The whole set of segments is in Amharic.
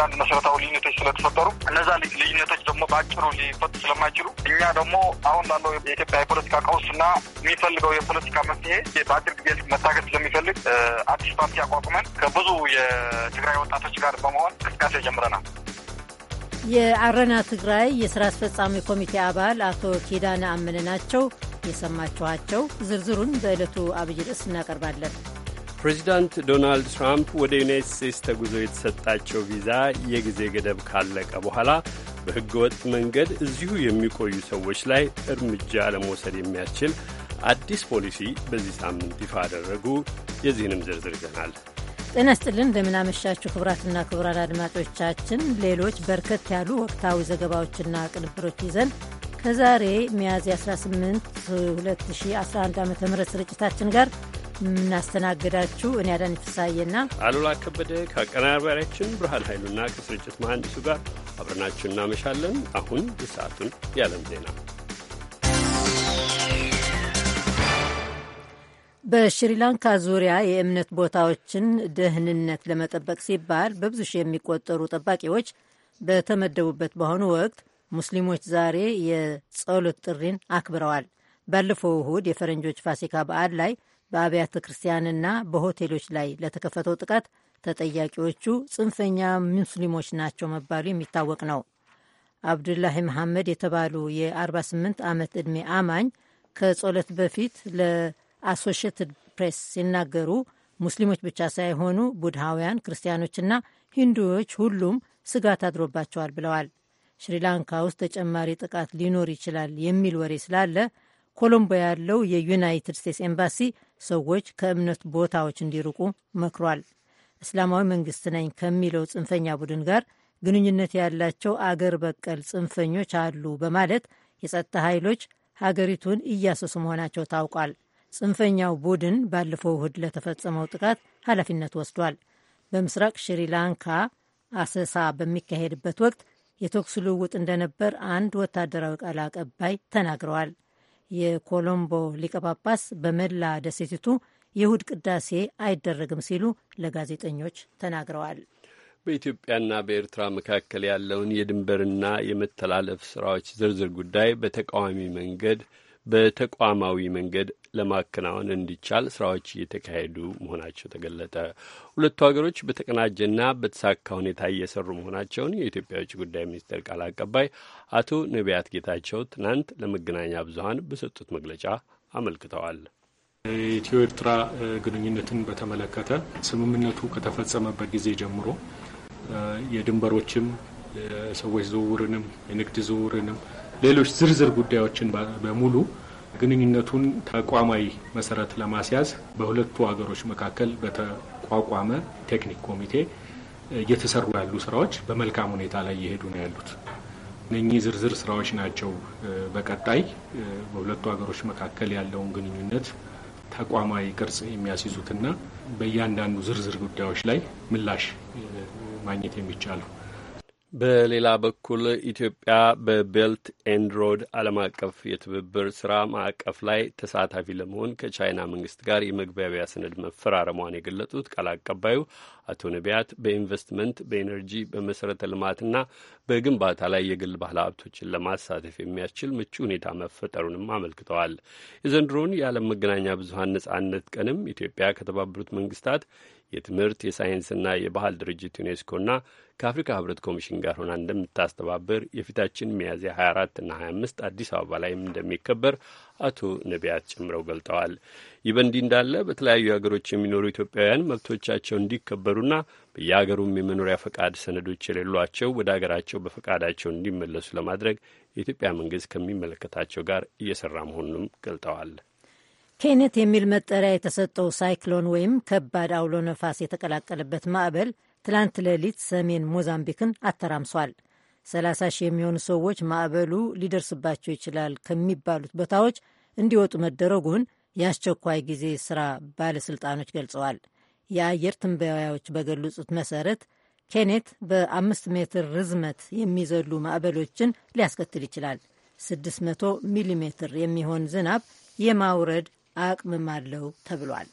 አንዳንድ መሰረታዊ ልዩነቶች ስለተፈጠሩ እነዛ ልዩነቶች ደግሞ በአጭሩ ሊፈቱ ስለማይችሉ እኛ ደግሞ አሁን ባለው የኢትዮጵያ የፖለቲካ ቀውስና የሚፈልገው የፖለቲካ መፍትሄ በአጭር ጊዜ መታገል ስለሚፈልግ አዲስ ፓርቲ አቋቁመን ከብዙ የትግራይ ወጣቶች ጋር በመሆን እንቅስቃሴ ጀምረናል። የአረና ትግራይ የስራ አስፈጻሚ ኮሚቴ አባል አቶ ኪዳነ አመነ ናቸው የሰማችኋቸው። ዝርዝሩን በዕለቱ አብይ ርዕስ እናቀርባለን። ፕሬዚዳንት ዶናልድ ትራምፕ ወደ ዩናይት ስቴትስ ተጉዞ የተሰጣቸው ቪዛ የጊዜ ገደብ ካለቀ በኋላ በሕገ ወጥ መንገድ እዚሁ የሚቆዩ ሰዎች ላይ እርምጃ ለመውሰድ የሚያስችል አዲስ ፖሊሲ በዚህ ሳምንት ይፋ አደረጉ። የዚህንም ዝርዝር ይዘናል። ጤና ስጥልን፣ እንደምናመሻችሁ ክቡራትና ክቡራን አድማጮቻችን ሌሎች በርከት ያሉ ወቅታዊ ዘገባዎችና ቅንብሮች ይዘን ከዛሬ ሚያዝያ 18 2011 ዓ ም ስርጭታችን ጋር የምናስተናግዳችሁ እኔ አዳን ፍሳዬና አሉላ ከበደ ከአቀናባሪያችን ብርሃን ኃይሉና ከስርጭት መሐንዲሱ ጋር አብረናችሁ እናመሻለን። አሁን የሰዓቱን የዓለም ዜና በሽሪላንካ ዙሪያ የእምነት ቦታዎችን ደህንነት ለመጠበቅ ሲባል በብዙ ሺህ የሚቆጠሩ ጠባቂዎች በተመደቡበት በአሁኑ ወቅት ሙስሊሞች ዛሬ የጸሎት ጥሪን አክብረዋል። ባለፈው እሁድ የፈረንጆች ፋሲካ በዓል ላይ በአብያተ ክርስቲያንና በሆቴሎች ላይ ለተከፈተው ጥቃት ተጠያቂዎቹ ጽንፈኛ ሙስሊሞች ናቸው መባሉ የሚታወቅ ነው። አብዱላሂ መሐመድ የተባሉ የ48 ዓመት ዕድሜ አማኝ ከጸሎት በፊት ለአሶሽትድ ፕሬስ ሲናገሩ ሙስሊሞች ብቻ ሳይሆኑ ቡድሃውያን፣ ክርስቲያኖችና ሂንዱዎች ሁሉም ስጋት አድሮባቸዋል ብለዋል። ሽሪላንካ ውስጥ ተጨማሪ ጥቃት ሊኖር ይችላል የሚል ወሬ ስላለ ኮሎምቦ ያለው የዩናይትድ ስቴትስ ኤምባሲ ሰዎች ከእምነት ቦታዎች እንዲርቁ መክሯል። እስላማዊ መንግስት ነኝ ከሚለው ጽንፈኛ ቡድን ጋር ግንኙነት ያላቸው አገር በቀል ጽንፈኞች አሉ በማለት የጸጥታ ኃይሎች ሀገሪቱን እያሰሱ መሆናቸው ታውቋል። ጽንፈኛው ቡድን ባለፈው እሁድ ለተፈጸመው ጥቃት ኃላፊነት ወስዷል። በምስራቅ ሽሪላንካ አሰሳ በሚካሄድበት ወቅት የተኩስ ልውውጥ እንደነበር አንድ ወታደራዊ ቃል አቀባይ ተናግረዋል። የኮሎምቦ ሊቀ ጳጳስ በመላ ደሴቲቱ የእሁድ ቅዳሴ አይደረግም ሲሉ ለጋዜጠኞች ተናግረዋል። በኢትዮጵያና በኤርትራ መካከል ያለውን የድንበርና የመተላለፍ ስራዎች ዝርዝር ጉዳይ በተቃዋሚ መንገድ በተቋማዊ መንገድ ለማከናወን እንዲቻል ስራዎች እየተካሄዱ መሆናቸው ተገለጠ። ሁለቱ ሀገሮች በተቀናጀና በተሳካ ሁኔታ እየሰሩ መሆናቸውን የኢትዮጵያ ውጭ ጉዳይ ሚኒስቴር ቃል አቀባይ አቶ ነቢያት ጌታቸው ትናንት ለመገናኛ ብዙኃን በሰጡት መግለጫ አመልክተዋል። የኢትዮ ኤርትራ ግንኙነትን በተመለከተ ስምምነቱ ከተፈጸመበት ጊዜ ጀምሮ የድንበሮችም የሰዎች ዝውውርንም የንግድ ዝውውርንም ሌሎች ዝርዝር ጉዳዮችን በሙሉ ግንኙነቱን ተቋማዊ መሰረት ለማስያዝ በሁለቱ ሀገሮች መካከል በተቋቋመ ቴክኒክ ኮሚቴ እየተሰሩ ያሉ ስራዎች በመልካም ሁኔታ ላይ እየሄዱ ነው ያሉት። እነኚህ ዝርዝር ስራዎች ናቸው በቀጣይ በሁለቱ ሀገሮች መካከል ያለውን ግንኙነት ተቋማዊ ቅርጽ የሚያስይዙትና በእያንዳንዱ ዝርዝር ጉዳዮች ላይ ምላሽ ማግኘት የሚቻለው። በሌላ በኩል ኢትዮጵያ በቤልት ኤንድ ሮድ ዓለም አቀፍ የትብብር ስራ ማዕቀፍ ላይ ተሳታፊ ለመሆን ከቻይና መንግስት ጋር የመግባቢያ ሰነድ መፈራረሟን የገለጹት ቃል አቀባዩ አቶ ነቢያት በኢንቨስትመንት፣ በኤነርጂ፣ በመሰረተ ልማትና በግንባታ ላይ የግል ባለ ሀብቶችን ለማሳተፍ የሚያስችል ምቹ ሁኔታ መፈጠሩንም አመልክተዋል። የዘንድሮውን የዓለም መገናኛ ብዙሀን ነጻነት ቀንም ኢትዮጵያ ከተባበሩት መንግስታት የትምህርት የሳይንስና የባህል ድርጅት ዩኔስኮና ከአፍሪካ ህብረት ኮሚሽን ጋር ሆና እንደምታስተባብር የፊታችን ሚያዝያ 24ና 25 አዲስ አበባ ላይም እንደሚከበር አቶ ነቢያት ጨምረው ገልጠዋል። ይህ በእንዲህ እንዳለ በተለያዩ ሀገሮች የሚኖሩ ኢትዮጵያውያን መብቶቻቸው እንዲከበሩና በየሀገሩም የመኖሪያ ፈቃድ ሰነዶች የሌሏቸው ወደ ሀገራቸው በፈቃዳቸው እንዲመለሱ ለማድረግ የኢትዮጵያ መንግስት ከሚመለከታቸው ጋር እየሰራ መሆኑንም ገልጠዋል። ኬኔት የሚል መጠሪያ የተሰጠው ሳይክሎን ወይም ከባድ አውሎ ነፋስ የተቀላቀለበት ማዕበል ትላንት ሌሊት ሰሜን ሞዛምቢክን አተራምሷል። 30 ሺህ የሚሆኑ ሰዎች ማዕበሉ ሊደርስባቸው ይችላል ከሚባሉት ቦታዎች እንዲወጡ መደረጉን የአስቸኳይ ጊዜ ስራ ባለሥልጣኖች ገልጸዋል። የአየር ትንበያዎች በገለጹት መሰረት ኬኔት በአምስት ሜትር ርዝመት የሚዘሉ ማዕበሎችን ሊያስከትል ይችላል። 600 ሚሊ ሜትር የሚሆን ዝናብ የማውረድ አቅምም አለው ተብሏል።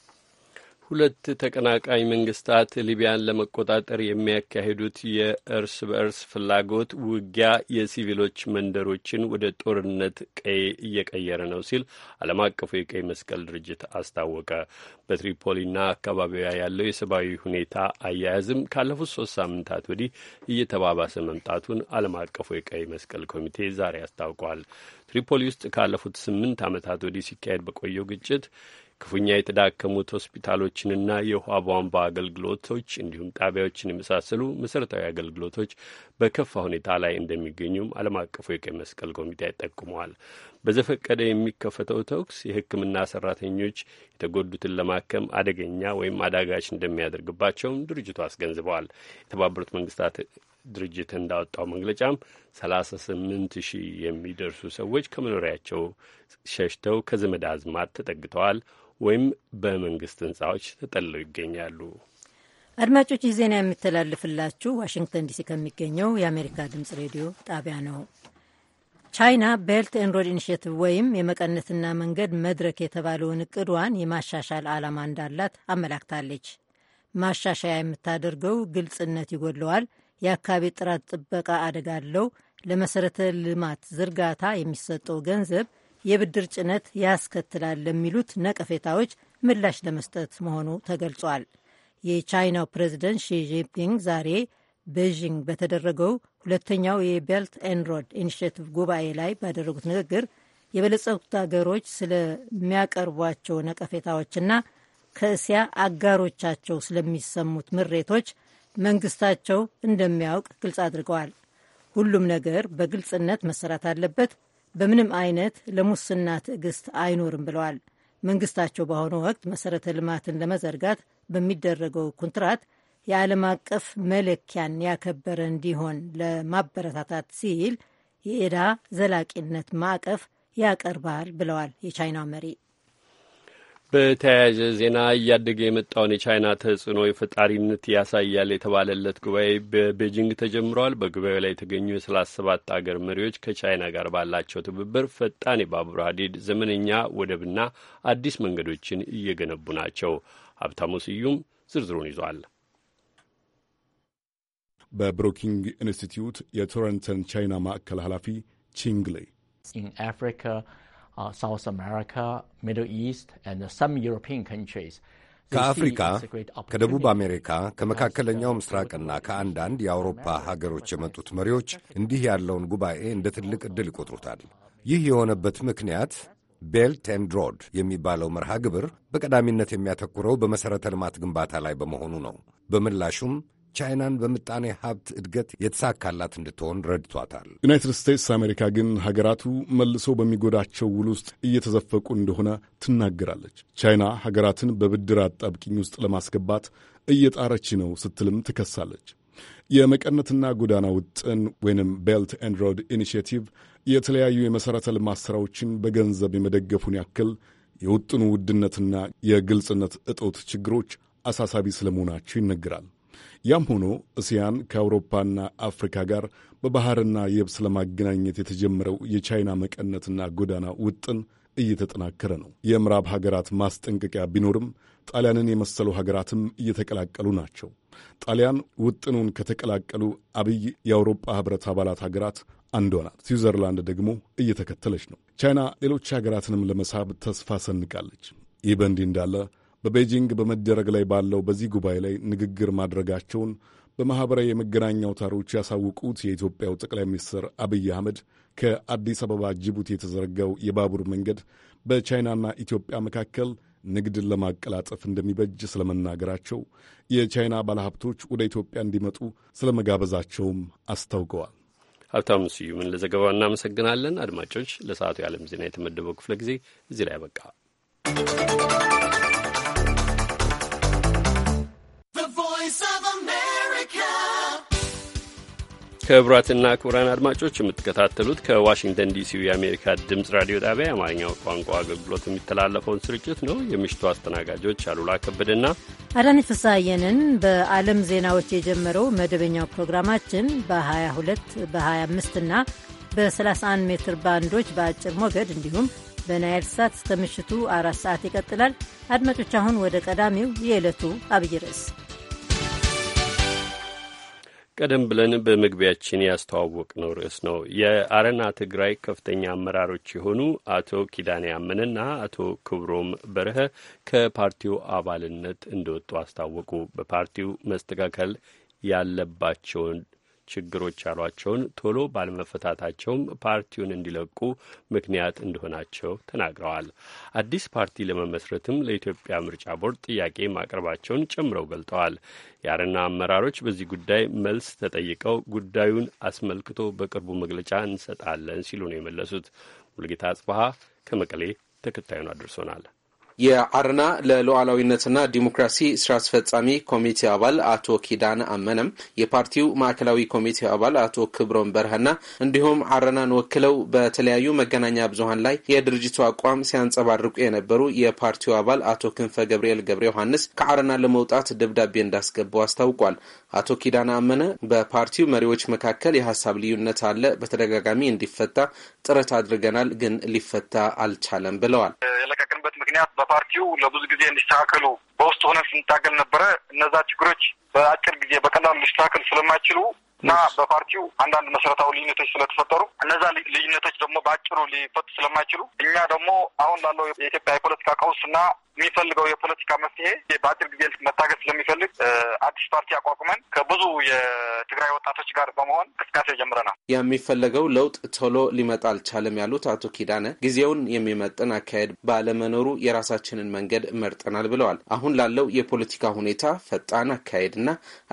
ሁለት ተቀናቃኝ መንግስታት ሊቢያን ለመቆጣጠር የሚያካሂዱት የእርስ በእርስ ፍላጎት ውጊያ የሲቪሎች መንደሮችን ወደ ጦርነት ቀይ እየቀየረ ነው ሲል ዓለም አቀፉ የቀይ መስቀል ድርጅት አስታወቀ። በትሪፖሊና አካባቢዋ ያለው የሰብአዊ ሁኔታ አያያዝም ካለፉት ሶስት ሳምንታት ወዲህ እየተባባሰ መምጣቱን ዓለም አቀፉ የቀይ መስቀል ኮሚቴ ዛሬ አስታውቋል። ትሪፖሊ ውስጥ ካለፉት ስምንት ዓመታት ወዲህ ሲካሄድ በቆየው ግጭት ክፉኛ የተዳከሙት ሆስፒታሎችንና የውሃ ቧንቧ አገልግሎቶች እንዲሁም ጣቢያዎችን የመሳሰሉ መሠረታዊ አገልግሎቶች በከፋ ሁኔታ ላይ እንደሚገኙም ዓለም አቀፉ የቀይ መስቀል ኮሚቴ ጠቁመዋል። በዘፈቀደ የሚከፈተው ተኩስ የሕክምና ሰራተኞች የተጎዱትን ለማከም አደገኛ ወይም አዳጋች እንደሚያደርግባቸውም ድርጅቱ አስገንዝበዋል። የተባበሩት መንግስታት ድርጅት እንዳወጣው መግለጫም ሰላሳ ስምንት ሺህ የሚደርሱ ሰዎች ከመኖሪያቸው ሸሽተው ከዘመድ አዝማድ ተጠግተዋል ወይም በመንግስት ህንጻዎች ተጠለው ይገኛሉ። አድማጮች ይህ ዜና የሚተላለፍላችሁ ዋሽንግተን ዲሲ ከሚገኘው የአሜሪካ ድምጽ ሬዲዮ ጣቢያ ነው። ቻይና ቤልት ኤንድ ሮድ ኢኒሽቲቭ ወይም የመቀነትና መንገድ መድረክ የተባለውን እቅዷን የማሻሻል ዓላማ እንዳላት አመላክታለች። ማሻሻያ የምታደርገው ግልጽነት ይጎድለዋል፣ የአካባቢ ጥራት ጥበቃ አደጋ አለው፣ ለመሰረተ ልማት ዝርጋታ የሚሰጠው ገንዘብ የብድር ጭነት ያስከትላል ለሚሉት ነቀፌታዎች ምላሽ ለመስጠት መሆኑ ተገልጿል። የቻይናው ፕሬዚደንት ሺ ጂንፒንግ ዛሬ ቤዥንግ በተደረገው ሁለተኛው የቤልት ኤን ሮድ ኢኒሽቲቭ ጉባኤ ላይ ባደረጉት ንግግር የበለጸጉት አገሮች ስለሚያቀርቧቸው ነቀፌታዎችና ከእስያ አጋሮቻቸው ስለሚሰሙት ምሬቶች መንግስታቸው እንደሚያውቅ ግልጽ አድርገዋል። ሁሉም ነገር በግልጽነት መሰራት አለበት፣ በምንም አይነት ለሙስና ትዕግስት አይኖርም ብለዋል። መንግስታቸው በአሁኑ ወቅት መሰረተ ልማትን ለመዘርጋት በሚደረገው ኮንትራት የዓለም አቀፍ መለኪያን ያከበረ እንዲሆን ለማበረታታት ሲል የዕዳ ዘላቂነት ማዕቀፍ ያቀርባል ብለዋል የቻይናው መሪ። በተያያዘ ዜና እያደገ የመጣውን የቻይና ተጽዕኖ የፈጣሪነት ያሳያል የተባለለት ጉባኤ በቤጂንግ ተጀምረዋል። በጉባኤው ላይ የተገኙ የሰላሳ ሰባት አገር መሪዎች ከቻይና ጋር ባላቸው ትብብር ፈጣን የባቡር ሀዲድ፣ ዘመነኛ ወደብና አዲስ መንገዶችን እየገነቡ ናቸው። ሀብታሙ ስዩም ዝርዝሩን ይዟል። በብሮኪንግ ኢንስቲትዩት የቶረንተን ቻይና ማዕከል ኃላፊ ቺንግሌ uh, ከአፍሪካ ከደቡብ አሜሪካ ከመካከለኛው ምስራቅና ከአንዳንድ የአውሮፓ ሀገሮች የመጡት መሪዎች እንዲህ ያለውን ጉባኤ እንደ ትልቅ ዕድል ይቆጥሩታል። ይህ የሆነበት ምክንያት ቤልት ኤንድ ሮድ የሚባለው መርሃ ግብር በቀዳሚነት የሚያተኩረው በመሠረተ ልማት ግንባታ ላይ በመሆኑ ነው። በምላሹም ቻይናን በምጣኔ ሀብት እድገት የተሳካላት እንድትሆን ረድቷታል። ዩናይትድ ስቴትስ አሜሪካ ግን ሀገራቱ መልሶ በሚጎዳቸው ውል ውስጥ እየተዘፈቁ እንደሆነ ትናገራለች። ቻይና ሀገራትን በብድር አጣብቂኝ ውስጥ ለማስገባት እየጣረች ነው ስትልም ትከሳለች። የመቀነትና ጎዳና ውጥን ወይንም ቤልት ኤንድ ሮድ ኢኒሽቲቭ የተለያዩ የመሠረተ ልማት ሥራዎችን በገንዘብ የመደገፉን ያክል የውጥኑ ውድነትና የግልጽነት እጦት ችግሮች አሳሳቢ ስለመሆናቸው ይነገራል። ያም ሆኖ እስያን ከአውሮፓና አፍሪካ ጋር በባህርና የብስ ለማገናኘት የተጀመረው የቻይና መቀነትና ጎዳና ውጥን እየተጠናከረ ነው። የምዕራብ ሀገራት ማስጠንቀቂያ ቢኖርም ጣሊያንን የመሰሉ ሀገራትም እየተቀላቀሉ ናቸው። ጣሊያን ውጥኑን ከተቀላቀሉ አብይ የአውሮፓ ህብረት አባላት ሀገራት አንዷ ናት። ስዊዘርላንድ ደግሞ እየተከተለች ነው። ቻይና ሌሎች ሀገራትንም ለመሳብ ተስፋ ሰንቃለች። ይህ በእንዲህ እንዳለ በቤጂንግ በመደረግ ላይ ባለው በዚህ ጉባኤ ላይ ንግግር ማድረጋቸውን በማኅበራዊ የመገናኛ አውታሮች ያሳውቁት የኢትዮጵያው ጠቅላይ ሚኒስትር አብይ አህመድ ከአዲስ አበባ ጅቡቲ የተዘረጋው የባቡር መንገድ በቻይናና ኢትዮጵያ መካከል ንግድን ለማቀላጠፍ እንደሚበጅ ስለመናገራቸው፣ የቻይና ባለሀብቶች ወደ ኢትዮጵያ እንዲመጡ ስለመጋበዛቸውም አስታውቀዋል። ሀብታሙ ስዩምን ለዘገባው እናመሰግናለን። አድማጮች፣ ለሰዓቱ የዓለም ዜና የተመደበው ክፍለ ጊዜ እዚህ ላይ ያበቃ። ክቡራትና ክቡራን አድማጮች የምትከታተሉት ከዋሽንግተን ዲሲ የአሜሪካ ድምፅ ራዲዮ ጣቢያ የአማርኛው ቋንቋ አገልግሎት የሚተላለፈውን ስርጭት ነው። የምሽቱ አስተናጋጆች አሉላ ከበደና አዳነች ፍስሐየንን። በዓለም ዜናዎች የጀመረው መደበኛው ፕሮግራማችን በ22 በ25 እና በ31 ሜትር ባንዶች በአጭር ሞገድ እንዲሁም በናይል ሳት እስከ ምሽቱ አራት ሰዓት ይቀጥላል። አድማጮች አሁን ወደ ቀዳሚው የዕለቱ አብይ ርዕስ ቀደም ብለን በመግቢያችን ያስተዋወቅነው ርዕስ ነው። የአረና ትግራይ ከፍተኛ አመራሮች የሆኑ አቶ ኪዳኔ ያመነና አቶ ክብሮም በርሀ ከፓርቲው አባልነት እንደወጡ አስታወቁ። በፓርቲው መስተካከል ያለባቸውን ችግሮች ያሏቸውን ቶሎ ባለመፈታታቸውም ፓርቲውን እንዲለቁ ምክንያት እንደሆናቸው ተናግረዋል። አዲስ ፓርቲ ለመመስረትም ለኢትዮጵያ ምርጫ ቦርድ ጥያቄ ማቅረባቸውን ጨምረው ገልጠዋል። የአረና አመራሮች በዚህ ጉዳይ መልስ ተጠይቀው ጉዳዩን አስመልክቶ በቅርቡ መግለጫ እንሰጣለን ሲሉ ነው የመለሱት። ሙልጌታ አጽበሀ ከመቀሌ ተከታዩን አድርሶናል። የአረና ለሉዓላዊነትና ዲሞክራሲ ስራ አስፈጻሚ ኮሚቴ አባል አቶ ኪዳነ አመነም የፓርቲው ማዕከላዊ ኮሚቴ አባል አቶ ክብሮም በርሀና እንዲሁም አረናን ወክለው በተለያዩ መገናኛ ብዙሀን ላይ የድርጅቱ አቋም ሲያንጸባርቁ የነበሩ የፓርቲው አባል አቶ ክንፈ ገብርኤል ገብረ ዮሐንስ ከአረና ለመውጣት ደብዳቤ እንዳስገቡ አስታውቋል። አቶ ኪዳነ አመነ በፓርቲው መሪዎች መካከል የሀሳብ ልዩነት አለ፣ በተደጋጋሚ እንዲፈታ ጥረት አድርገናል፣ ግን ሊፈታ አልቻለም ብለዋል። የለቀቅንበት ምክንያት ፓርቲው ለብዙ ጊዜ እንዲስተካከሉ በውስጥ ሆነን ስንታገል ነበረ። እነዛ ችግሮች በአጭር ጊዜ በቀላሉ ሊስተካከል ስለማይችሉ እና በፓርቲው አንዳንድ መሰረታዊ ልዩነቶች ስለተፈጠሩ እነዛ ልዩነቶች ደግሞ በአጭሩ ሊፈቱ ስለማይችሉ እኛ ደግሞ አሁን ላለው የኢትዮጵያ የፖለቲካ ቀውስ እና የሚፈልገው የፖለቲካ መፍትሄ በአጭር ጊዜ መታገል ስለሚፈልግ አዲስ ፓርቲ አቋቁመን ከብዙ የትግራይ ወጣቶች ጋር በመሆን እንቅስቃሴ ጀምረናል። የሚፈለገው ለውጥ ቶሎ ሊመጣ አልቻለም ያሉት አቶ ኪዳነ ጊዜውን የሚመጥን አካሄድ ባለመኖሩ የራሳችንን መንገድ መርጠናል ብለዋል። አሁን ላለው የፖለቲካ ሁኔታ ፈጣን አካሄድና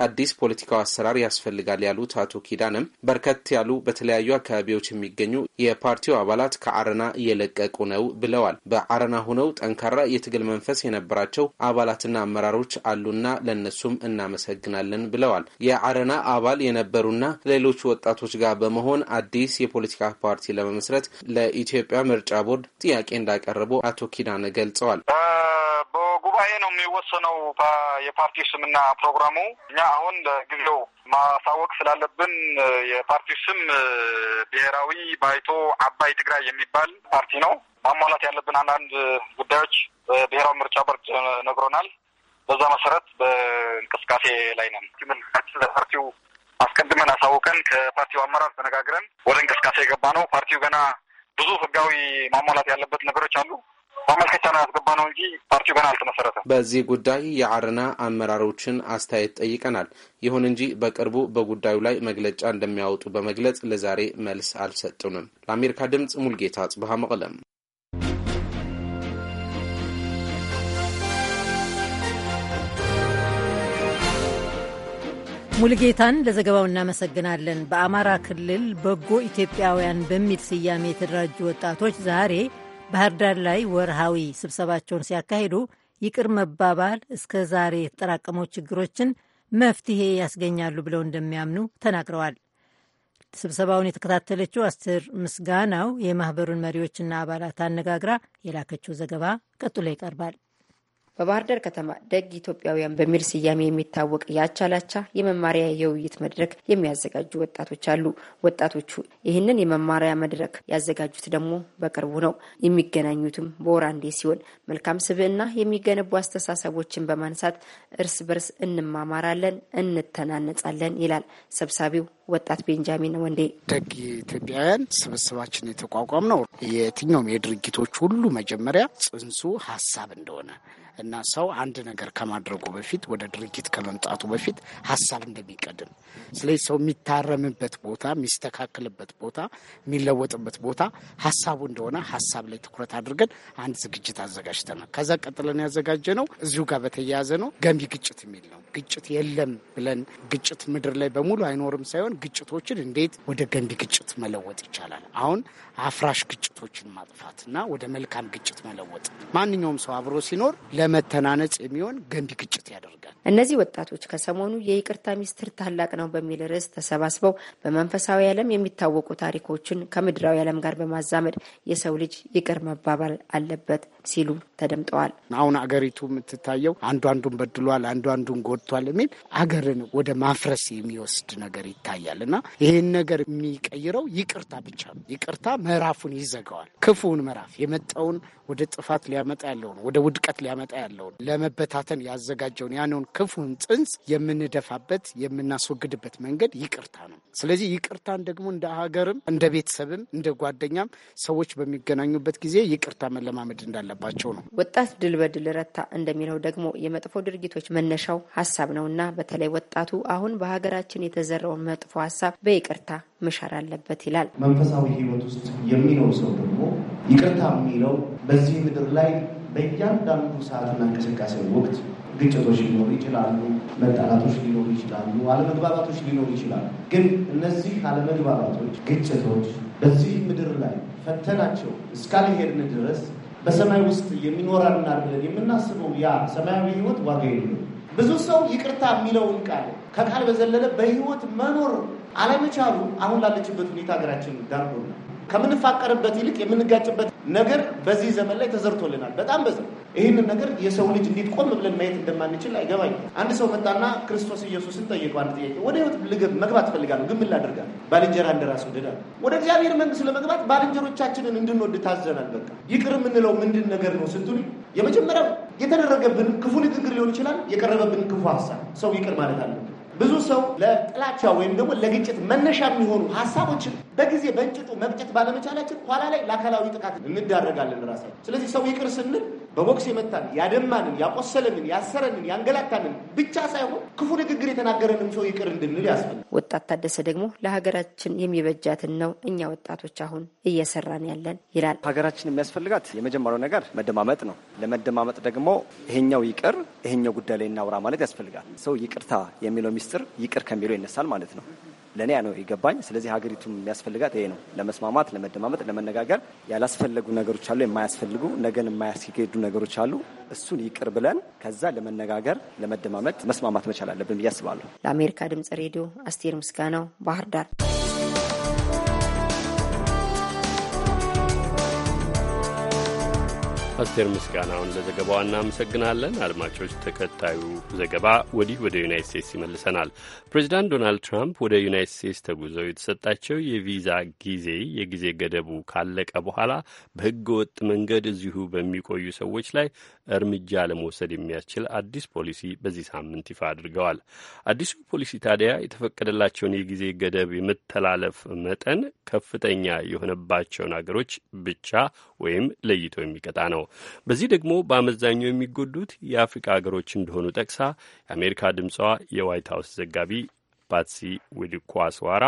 አዲስ ፖለቲካዊ አሰራር ያስፈልጋል ያሉት አቶ ኪዳነም በርከት ያሉ በተለያዩ አካባቢዎች የሚገኙ የፓርቲው አባላት ከአረና እየለቀቁ ነው ብለዋል። በአረና ሆነው ጠንካራ የትግል መንፈስ የነበራቸው አባላትና አመራሮች አሉና ለእነሱም እናመሰግናለን ብለዋል። የአረና አባል የነበሩና ሌሎች ወጣቶች ጋር በመሆን አዲስ የፖለቲካ ፓርቲ ለመመስረት ለኢትዮጵያ ምርጫ ቦርድ ጥያቄ እንዳቀረቡ አቶ ኪዳነ ገልጸዋል። በጉባኤ ነው የሚወሰነው የፓርቲ ስምና ፕሮግራሙ። እኛ አሁን ለጊዜው ማሳወቅ ስላለብን የፓርቲው ስም ብሔራዊ ባይቶ አባይ ትግራይ የሚባል ፓርቲ ነው። ማሟላት ያለብን አንዳንድ ጉዳዮች ብሔራዊ ምርጫ ቦርድ ነግሮናል። በዛ መሰረት በእንቅስቃሴ ላይ ነን። ምልካችን ለፓርቲው አስቀድመን አሳውቀን ከፓርቲው አመራር ተነጋግረን ወደ እንቅስቃሴ የገባ ነው። ፓርቲው ገና ብዙ ህጋዊ ማሟላት ያለበት ነገሮች አሉ። ማመልከቻ ነው ያስገባ ነው እንጂ ፓርቲው ገና አልተመሰረተም። በዚህ ጉዳይ የአረና አመራሮችን አስተያየት ጠይቀናል። ይሁን እንጂ በቅርቡ በጉዳዩ ላይ መግለጫ እንደሚያወጡ በመግለጽ ለዛሬ መልስ አልሰጡንም። ለአሜሪካ ድምፅ ሙልጌታ ጽብሃ መቅለም ሙልጌታን ለዘገባው እናመሰግናለን። በአማራ ክልል በጎ ኢትዮጵያውያን በሚል ስያሜ የተደራጁ ወጣቶች ዛሬ ባህር ዳር ላይ ወርሃዊ ስብሰባቸውን ሲያካሂዱ ይቅር መባባል እስከ ዛሬ የተጠራቀመው ችግሮችን መፍትሄ ያስገኛሉ ብለው እንደሚያምኑ ተናግረዋል። ስብሰባውን የተከታተለችው አስቴር ምስጋናው የማህበሩን መሪዎችና አባላት አነጋግራ የላከችው ዘገባ ቀጥሎ ይቀርባል። በባህር ዳር ከተማ ደግ ኢትዮጵያውያን በሚል ስያሜ የሚታወቅ ያቻላቻ የመማሪያ የውይይት መድረክ የሚያዘጋጁ ወጣቶች አሉ። ወጣቶቹ ይህንን የመማሪያ መድረክ ያዘጋጁት ደግሞ በቅርቡ ነው። የሚገናኙትም በወር አንዴ ሲሆን መልካም ስብዕና የሚገነቡ አስተሳሰቦችን በማንሳት እርስ በርስ እንማማራለን፣ እንተናነጻለን ይላል ሰብሳቢው ወጣት ቤንጃሚን ወንዴ። ደግ ኢትዮጵያውያን ስብስባችን የተቋቋም ነው የትኛውም የድርጊቶች ሁሉ መጀመሪያ ጽንሱ ሀሳብ እንደሆነ እና ሰው አንድ ነገር ከማድረጉ በፊት ወደ ድርጊት ከመምጣቱ በፊት ሀሳብ እንደሚቀድም፣ ስለዚህ ሰው የሚታረምበት ቦታ፣ የሚስተካከልበት ቦታ፣ የሚለወጥበት ቦታ ሀሳቡ እንደሆነ ሀሳብ ላይ ትኩረት አድርገን አንድ ዝግጅት አዘጋጅተናል። ከዛ ቀጥለን ያዘጋጀ ነው እዚሁ ጋር በተያያዘ ነው ገንቢ ግጭት የሚል ነው። ግጭት የለም ብለን ግጭት ምድር ላይ በሙሉ አይኖርም ሳይሆን ግጭቶችን እንዴት ወደ ገንቢ ግጭት መለወጥ ይቻላል። አሁን አፍራሽ ግጭቶችን ማጥፋት እና ወደ መልካም ግጭት መለወጥ ማንኛውም ሰው አብሮ ሲኖር ለመተናነጽ የሚሆን ገንቢ ግጭት ያደርጋል። እነዚህ ወጣቶች ከሰሞኑ የይቅርታ ሚስጥር ታላቅ ነው በሚል ርዕስ ተሰባስበው በመንፈሳዊ ዓለም የሚታወቁ ታሪኮችን ከምድራዊ ዓለም ጋር በማዛመድ የሰው ልጅ ይቅር መባባል አለበት ሲሉ ተደምጠዋል። አሁን አገሪቱ የምትታየው አንዱ አንዱን በድሏል፣ አንዱ አንዱን ጎድቷል የሚል አገርን ወደ ማፍረስ የሚወስድ ነገር ይታያል እና ይህን ነገር የሚቀይረው ይቅርታ ብቻ ነው። ይቅርታ ምዕራፉን ይዘጋዋል። ክፉውን ምዕራፍ የመጣውን ወደ ጥፋት ሊያመጣ ያለውን ወደ ውድቀት ሊያመጣ ያለውን ለመበታተን ያዘጋጀውን ያንውን ክፉን ጽንስ የምንደፋበት የምናስወግድበት መንገድ ይቅርታ ነው። ስለዚህ ይቅርታን ደግሞ እንደ ሀገርም እንደ ቤተሰብም እንደ ጓደኛም ሰዎች በሚገናኙበት ጊዜ ይቅርታ መለማመድ እንዳለባቸው ነው። ወጣት ድል በድል ረታ እንደሚለው ደግሞ የመጥፎ ድርጊቶች መነሻው ሀሳብ ነውና በተለይ ወጣቱ አሁን በሀገራችን የተዘራውን መጥፎ ሀሳብ በይቅርታ መሻር አለበት ይላል። መንፈሳዊ ሕይወት ውስጥ የሚኖር ሰው ደግሞ ይቅርታ የሚለው በዚህ ምድር ላይ በእያንዳንዱ ሰዓትና እንቅስቃሴ ወቅት ግጭቶች ሊኖሩ ይችላሉ፣ መጣላቶች ሊኖሩ ይችላሉ፣ አለመግባባቶች ሊኖሩ ይችላሉ። ግን እነዚህ አለመግባባቶች፣ ግጭቶች በዚህ ምድር ላይ ፈተናቸው እስካልሄድን ድረስ በሰማይ ውስጥ የሚኖራልና ብለን የምናስበው ያ ሰማያዊ ህይወት ዋጋ የለው። ብዙ ሰው ይቅርታ የሚለውን ቃል ከቃል በዘለለ በህይወት መኖር አለመቻሉ አሁን ላለችበት ሁኔታ ሀገራችን ዳርጎና ከምንፋቀርበት ይልቅ የምንጋጭበት ነገር በዚህ ዘመን ላይ ተዘርቶልናል። በጣም በዛ ይህንን ነገር የሰው ልጅ እንዴት ቆም ብለን ማየት እንደማንችል አይገባኝ። አንድ ሰው መጣና ክርስቶስ ኢየሱስን ጠየቀው አንድ ጥያቄ። ወደ ህይወት መግባት ፈልጋለሁ፣ ግን ምን ላደርጋል? ባልንጀራ እንደራስ ወደዳል። ወደ እግዚአብሔር መንግስት ለመግባት ባልንጀሮቻችንን እንድንወድ ታዘናል። በቃ ይቅር የምንለው ምንድን ነገር ነው ስትሉ የመጀመሪያው የተደረገብን ክፉ ንግግር ሊሆን ይችላል፣ የቀረበብን ክፉ ሀሳብ ሰው ይቅር ማለት አለ ብዙ ሰው ለጥላቻ ወይም ደግሞ ለግጭት መነሻ የሚሆኑ ሀሳቦችን በጊዜ በእንጭጡ መቅጨት ባለመቻላችን ኋላ ላይ ለአካላዊ ጥቃት እንዳረጋለን ራሳችን። ስለዚህ ሰው ይቅር ስንል በቦክስ የመታን ያደማንን፣ ያቆሰለንን፣ ያሰረንን፣ ያንገላታንን ብቻ ሳይሆን ክፉ ንግግር የተናገረንም ሰው ይቅር እንድንል ያስፈልጋል። ወጣት ታደሰ ደግሞ ለሀገራችን የሚበጃትን ነው እኛ ወጣቶች አሁን እየሰራን ያለን ይላል። ሀገራችን የሚያስፈልጋት የመጀመሪያው ነገር መደማመጥ ነው። ለመደማመጥ ደግሞ ይሄኛው ይቅር፣ ይሄኛው ጉዳይ ላይ እናውራ ማለት ያስፈልጋል። ሰው ይቅርታ የሚለው ሚስጥር ይቅር ከሚለው ይነሳል ማለት ነው። ለእኔ ነው ይገባኝ። ስለዚህ ሀገሪቱ የሚያስፈልጋት ይሄ ነው፣ ለመስማማት፣ ለመደማመጥ፣ ለመነጋገር። ያላስፈለጉ ነገሮች አሉ፣ የማያስፈልጉ ነገን የማያስኬዱ ነገሮች አሉ። እሱን ይቅር ብለን ከዛ ለመነጋገር፣ ለመደማመጥ፣ መስማማት መቻል አለብን ብዬ አስባለሁ። ለአሜሪካ ድምጽ ሬዲዮ አስቴር ምስጋናው ባህር ዳር አስቴር ምስጋናውን ለዘገባዋ እናመሰግናለን። አድማጮች፣ ተከታዩ ዘገባ ወዲህ ወደ ዩናይት ስቴትስ ይመልሰናል። ፕሬዚዳንት ዶናልድ ትራምፕ ወደ ዩናይት ስቴትስ ተጉዘው የተሰጣቸው የቪዛ ጊዜ የጊዜ ገደቡ ካለቀ በኋላ በህገ ወጥ መንገድ እዚሁ በሚቆዩ ሰዎች ላይ እርምጃ ለመውሰድ የሚያስችል አዲስ ፖሊሲ በዚህ ሳምንት ይፋ አድርገዋል። አዲሱ ፖሊሲ ታዲያ የተፈቀደላቸውን የጊዜ ገደብ የመተላለፍ መጠን ከፍተኛ የሆነባቸውን አገሮች ብቻ ወይም ለይቶ የሚቀጣ ነው። በዚህ ደግሞ በአመዛኙ የሚጎዱት የአፍሪካ ሀገሮች እንደሆኑ ጠቅሳ የአሜሪካ ድምጿ የዋይት ሀውስ ዘጋቢ ፓትሲ ዊድኳስዋራ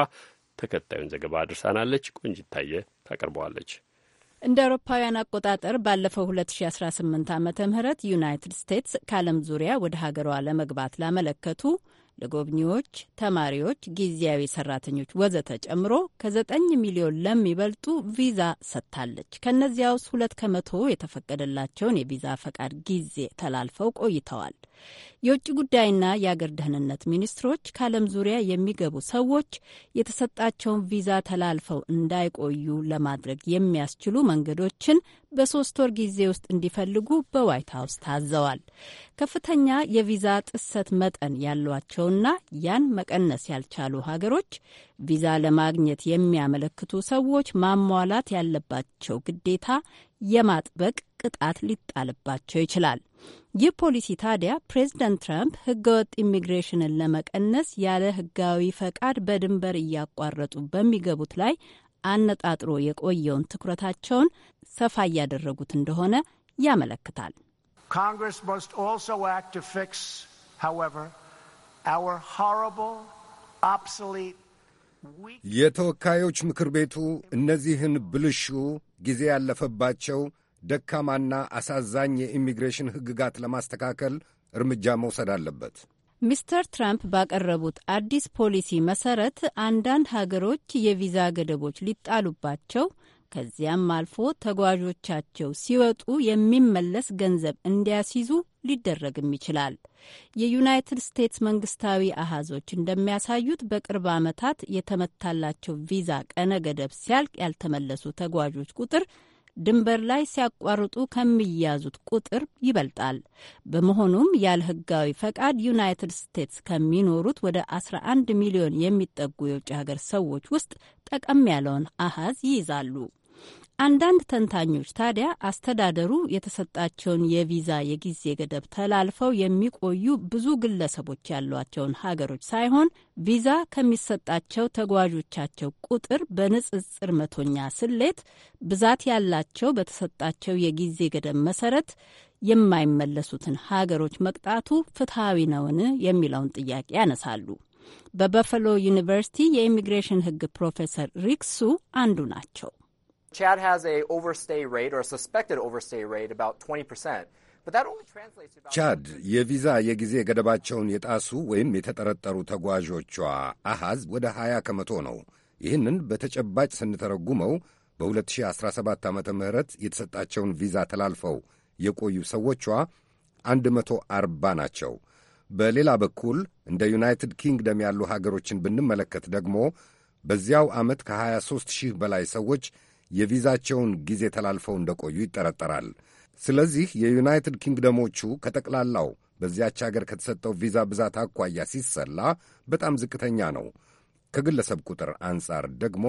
ተከታዩን ዘገባ አድርሳናለች። ቆንጅታየ ታቀርበዋለች። እንደ አውሮፓውያን አቆጣጠር ባለፈው 2018 ዓ ም ዩናይትድ ስቴትስ ከዓለም ዙሪያ ወደ ሀገሯ ለመግባት ላመለከቱ ለጎብኚዎች፣ ተማሪዎች፣ ጊዜያዊ ሰራተኞች ወዘተ ጨምሮ ከዘጠኝ ሚሊዮን ለሚበልጡ ቪዛ ሰጥታለች። ከእነዚያ ውስጥ ሁለት ከመቶ የተፈቀደላቸውን የቪዛ ፈቃድ ጊዜ ተላልፈው ቆይተዋል። የውጭ ጉዳይና የአገር ደህንነት ሚኒስትሮች ከዓለም ዙሪያ የሚገቡ ሰዎች የተሰጣቸውን ቪዛ ተላልፈው እንዳይቆዩ ለማድረግ የሚያስችሉ መንገዶችን በሶስት ወር ጊዜ ውስጥ እንዲፈልጉ በዋይት ሀውስ ታዘዋል። ከፍተኛ የቪዛ ጥሰት መጠን ያሏቸውና ያን መቀነስ ያልቻሉ ሀገሮች ቪዛ ለማግኘት የሚያመለክቱ ሰዎች ማሟላት ያለባቸው ግዴታ የማጥበቅ ቅጣት ሊጣልባቸው ይችላል። ይህ ፖሊሲ ታዲያ ፕሬዚደንት ትራምፕ ህገወጥ ኢሚግሬሽንን ለመቀነስ ያለ ህጋዊ ፈቃድ በድንበር እያቋረጡ በሚገቡት ላይ አነጣጥሮ የቆየውን ትኩረታቸውን ሰፋ እያደረጉት እንደሆነ ያመለክታል። Congress must also act to fix, however, our horrible, obsolete የተወካዮች ምክር ቤቱ እነዚህን ብልሹ ጊዜ ያለፈባቸው ደካማና አሳዛኝ የኢሚግሬሽን ሕግጋት ለማስተካከል እርምጃ መውሰድ አለበት። ሚስተር ትራምፕ ባቀረቡት አዲስ ፖሊሲ መሰረት አንዳንድ ሀገሮች የቪዛ ገደቦች ሊጣሉባቸው ከዚያም አልፎ ተጓዦቻቸው ሲወጡ የሚመለስ ገንዘብ እንዲያስይዙ ሊደረግም ይችላል። የዩናይትድ ስቴትስ መንግስታዊ አሃዞች እንደሚያሳዩት በቅርብ ዓመታት የተመታላቸው ቪዛ ቀነ ገደብ ሲያልቅ ያልተመለሱ ተጓዦች ቁጥር ድንበር ላይ ሲያቋርጡ ከሚያዙት ቁጥር ይበልጣል። በመሆኑም ያለ ህጋዊ ፈቃድ ዩናይትድ ስቴትስ ከሚኖሩት ወደ 11 ሚሊዮን የሚጠጉ የውጭ ሀገር ሰዎች ውስጥ ጠቀም ያለውን አሃዝ ይይዛሉ። አንዳንድ ተንታኞች ታዲያ አስተዳደሩ የተሰጣቸውን የቪዛ የጊዜ ገደብ ተላልፈው የሚቆዩ ብዙ ግለሰቦች ያሏቸውን ሀገሮች ሳይሆን ቪዛ ከሚሰጣቸው ተጓዦቻቸው ቁጥር በንጽጽር መቶኛ ስሌት ብዛት ያላቸው በተሰጣቸው የጊዜ ገደብ መሰረት የማይመለሱትን ሀገሮች መቅጣቱ ፍትሐዊ ነውን የሚለውን ጥያቄ ያነሳሉ። በበፈሎ ዩኒቨርሲቲ የኢሚግሬሽን ሕግ ፕሮፌሰር ሪክሱ አንዱ ናቸው። Chad has a overstay rate or a suspected overstay rate about 20%. ቻድ የቪዛ የጊዜ ገደባቸውን የጣሱ ወይም የተጠረጠሩ ተጓዦቿ አሃዝ ወደ 20 ከመቶ ነው። ይህንን በተጨባጭ ስንተረጉመው በ2017 ዓ ም የተሰጣቸውን ቪዛ ተላልፈው የቆዩ ሰዎቿ 140 ናቸው። በሌላ በኩል እንደ ዩናይትድ ኪንግደም ያሉ ሀገሮችን ብንመለከት ደግሞ በዚያው ዓመት ከ23 ሺህ በላይ ሰዎች የቪዛቸውን ጊዜ ተላልፈው እንደቆዩ ይጠረጠራል። ስለዚህ የዩናይትድ ኪንግደሞቹ ከጠቅላላው በዚያች አገር ከተሰጠው ቪዛ ብዛት አኳያ ሲሰላ በጣም ዝቅተኛ ነው። ከግለሰብ ቁጥር አንጻር ደግሞ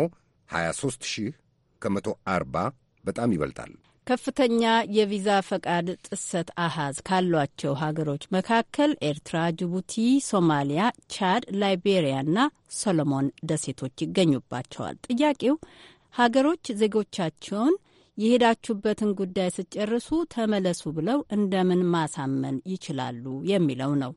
23 ሺህ ከ140 በጣም ይበልጣል። ከፍተኛ የቪዛ ፈቃድ ጥሰት አሃዝ ካሏቸው ሀገሮች መካከል ኤርትራ፣ ጅቡቲ፣ ሶማሊያ፣ ቻድ፣ ላይቤሪያና ሶሎሞን ደሴቶች ይገኙባቸዋል። ጥያቄው ሀገሮች ዜጎቻቸውን የሄዳችሁበትን ጉዳይ ስጨርሱ ተመለሱ ብለው እንደምን ማሳመን ይችላሉ የሚለው ነው።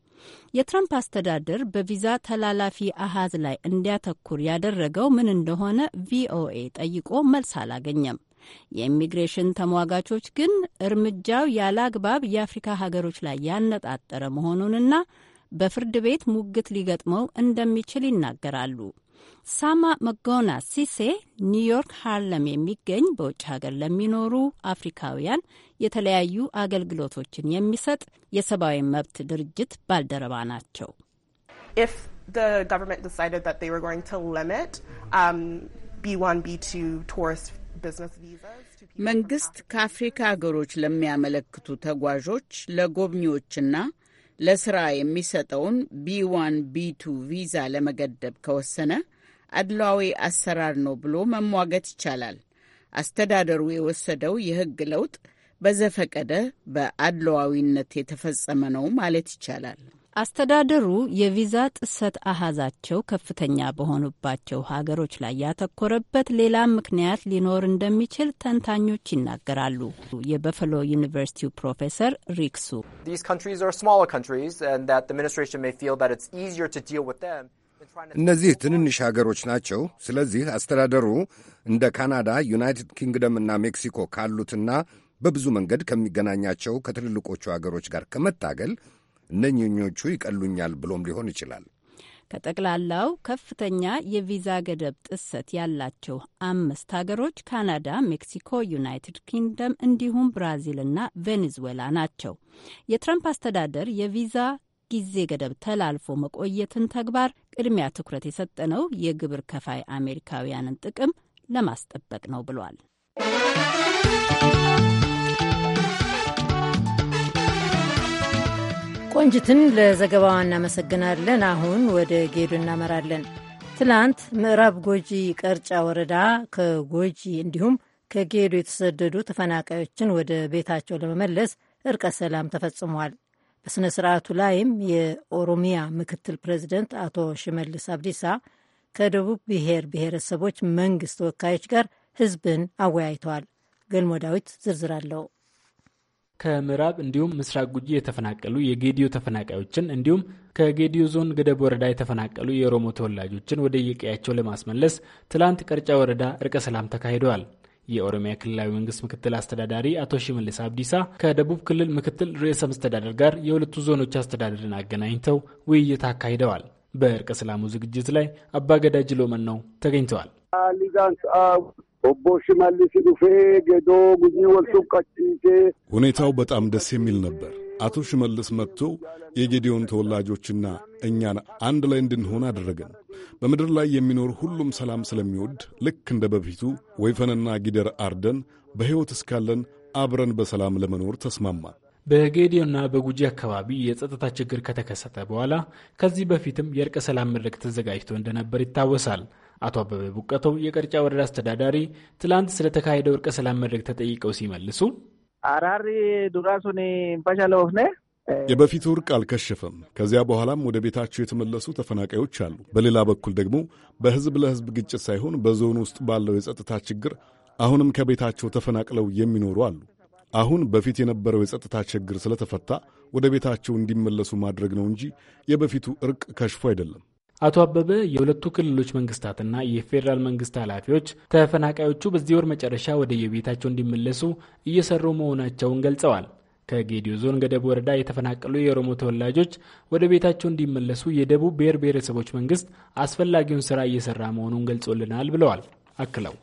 የትራምፕ አስተዳደር በቪዛ ተላላፊ አሃዝ ላይ እንዲያተኩር ያደረገው ምን እንደሆነ ቪኦኤ ጠይቆ መልስ አላገኘም። የኢሚግሬሽን ተሟጋቾች ግን እርምጃው ያለ አግባብ የአፍሪካ ሀገሮች ላይ ያነጣጠረ መሆኑንና በፍርድ ቤት ሙግት ሊገጥመው እንደሚችል ይናገራሉ። ሳማ መጎና ሲሴ ኒውዮርክ ሃርለም የሚገኝ በውጭ ሀገር ለሚኖሩ አፍሪካውያን የተለያዩ አገልግሎቶችን የሚሰጥ የሰብአዊ መብት ድርጅት ባልደረባ ናቸው። um, መንግስት ከአፍሪካ ሀገሮች ለሚያመለክቱ ተጓዦች ለጎብኚዎችና ለስራ የሚሰጠውን ቢ1 ቢ2 ቪዛ ለመገደብ ከወሰነ አድሏዊ አሰራር ነው ብሎ መሟገት ይቻላል። አስተዳደሩ የወሰደው የህግ ለውጥ በዘፈቀደ በአድሏዊነት የተፈጸመ ነው ማለት ይቻላል። አስተዳደሩ የቪዛ ጥሰት አሃዛቸው ከፍተኛ በሆኑባቸው ሀገሮች ላይ ያተኮረበት ሌላም ምክንያት ሊኖር እንደሚችል ተንታኞች ይናገራሉ። የበፈሎ ዩኒቨርሲቲው ፕሮፌሰር ሪክሱ እነዚህ ትንንሽ ሀገሮች ናቸው። ስለዚህ አስተዳደሩ እንደ ካናዳ፣ ዩናይትድ ኪንግደም እና ሜክሲኮ ካሉትና በብዙ መንገድ ከሚገናኛቸው ከትልልቆቹ ሀገሮች ጋር ከመታገል እነኞቹ ይቀሉኛል ብሎም ሊሆን ይችላል። ከጠቅላላው ከፍተኛ የቪዛ ገደብ ጥሰት ያላቸው አምስት ሀገሮች ካናዳ፣ ሜክሲኮ፣ ዩናይትድ ኪንግደም እንዲሁም ብራዚልና ቬኔዙዌላ ናቸው። የትራምፕ አስተዳደር የቪዛ ጊዜ ገደብ ተላልፎ መቆየትን ተግባር ቅድሚያ ትኩረት የሰጠነው የግብር ከፋይ አሜሪካውያንን ጥቅም ለማስጠበቅ ነው ብሏል። ቆንጅትን ለዘገባዋ እናመሰግናለን። አሁን ወደ ጌዱ እናመራለን። ትላንት ምዕራብ ጎጂ ቀርጫ ወረዳ ከጎጂ እንዲሁም ከጌዱ የተሰደዱ ተፈናቃዮችን ወደ ቤታቸው ለመመለስ እርቀ ሰላም ተፈጽሟል። በሥነ ሥርዓቱ ላይም የኦሮሚያ ምክትል ፕሬዚደንት አቶ ሽመልስ አብዲሳ ከደቡብ ብሔር ብሔረሰቦች መንግስት ተወካዮች ጋር ህዝብን አወያይተዋል። ገልሞ ዳዊት ዝርዝር አለው። ከምዕራብ እንዲሁም ምስራቅ ጉጂ የተፈናቀሉ የጌዲዮ ተፈናቃዮችን እንዲሁም ከጌዲዮ ዞን ገደብ ወረዳ የተፈናቀሉ የኦሮሞ ተወላጆችን ወደ የቀያቸው ለማስመለስ ትላንት ቀርጫ ወረዳ እርቀ ሰላም ተካሂደዋል። የኦሮሚያ ክልላዊ መንግስት ምክትል አስተዳዳሪ አቶ ሽመልስ አብዲሳ ከደቡብ ክልል ምክትል ርዕሰ መስተዳደር ጋር የሁለቱ ዞኖች አስተዳደርን አገናኝተው ውይይት አካሂደዋል። በእርቀ ሰላሙ ዝግጅት ላይ አባገዳ ጅሎመን ነው ተገኝተዋል። ኦቦ ሽመልስ ዱፌ ጌዶ ጉኝ ወልሱ ሁኔታው በጣም ደስ የሚል ነበር። አቶ ሽመልስ መጥቶ የጌዲዮን ተወላጆችና እኛን አንድ ላይ እንድንሆን አደረገን። በምድር ላይ የሚኖር ሁሉም ሰላም ስለሚወድ ልክ እንደ በፊቱ ወይፈንና ጊደር አርደን በሕይወት እስካለን አብረን በሰላም ለመኖር ተስማማ። በጌዲዮና በጉጂ አካባቢ የጸጥታ ችግር ከተከሰተ በኋላ ከዚህ በፊትም የእርቀ ሰላም መድረክ ተዘጋጅቶ እንደነበር ይታወሳል። አቶ አበበ ቡቀተው የቀርጫ ወረዳ አስተዳዳሪ ትላንት ስለተካሄደው እርቀ ሰላም መድረክ ተጠይቀው ሲመልሱ አራሪ ዱራሱን እንፈሸለወፍነ የበፊቱ እርቅ አልከሸፈም። ከዚያ በኋላም ወደ ቤታቸው የተመለሱ ተፈናቃዮች አሉ። በሌላ በኩል ደግሞ በህዝብ ለህዝብ ግጭት ሳይሆን በዞኑ ውስጥ ባለው የጸጥታ ችግር አሁንም ከቤታቸው ተፈናቅለው የሚኖሩ አሉ። አሁን በፊት የነበረው የጸጥታ ችግር ስለተፈታ ወደ ቤታቸው እንዲመለሱ ማድረግ ነው እንጂ የበፊቱ እርቅ ከሽፎ አይደለም። አቶ አበበ የሁለቱ ክልሎች መንግስታትና የፌዴራል መንግስት ኃላፊዎች ተፈናቃዮቹ በዚህ ወር መጨረሻ ወደ የቤታቸው እንዲመለሱ እየሰሩ መሆናቸውን ገልጸዋል። ከጌዲዮ ዞን ገደብ ወረዳ የተፈናቀሉ የኦሮሞ ተወላጆች ወደ ቤታቸው እንዲመለሱ የደቡብ ብሔር ብሔረሰቦች መንግስት አስፈላጊውን ስራ እየሰራ መሆኑን ገልጾልናል ብለዋል። አክለው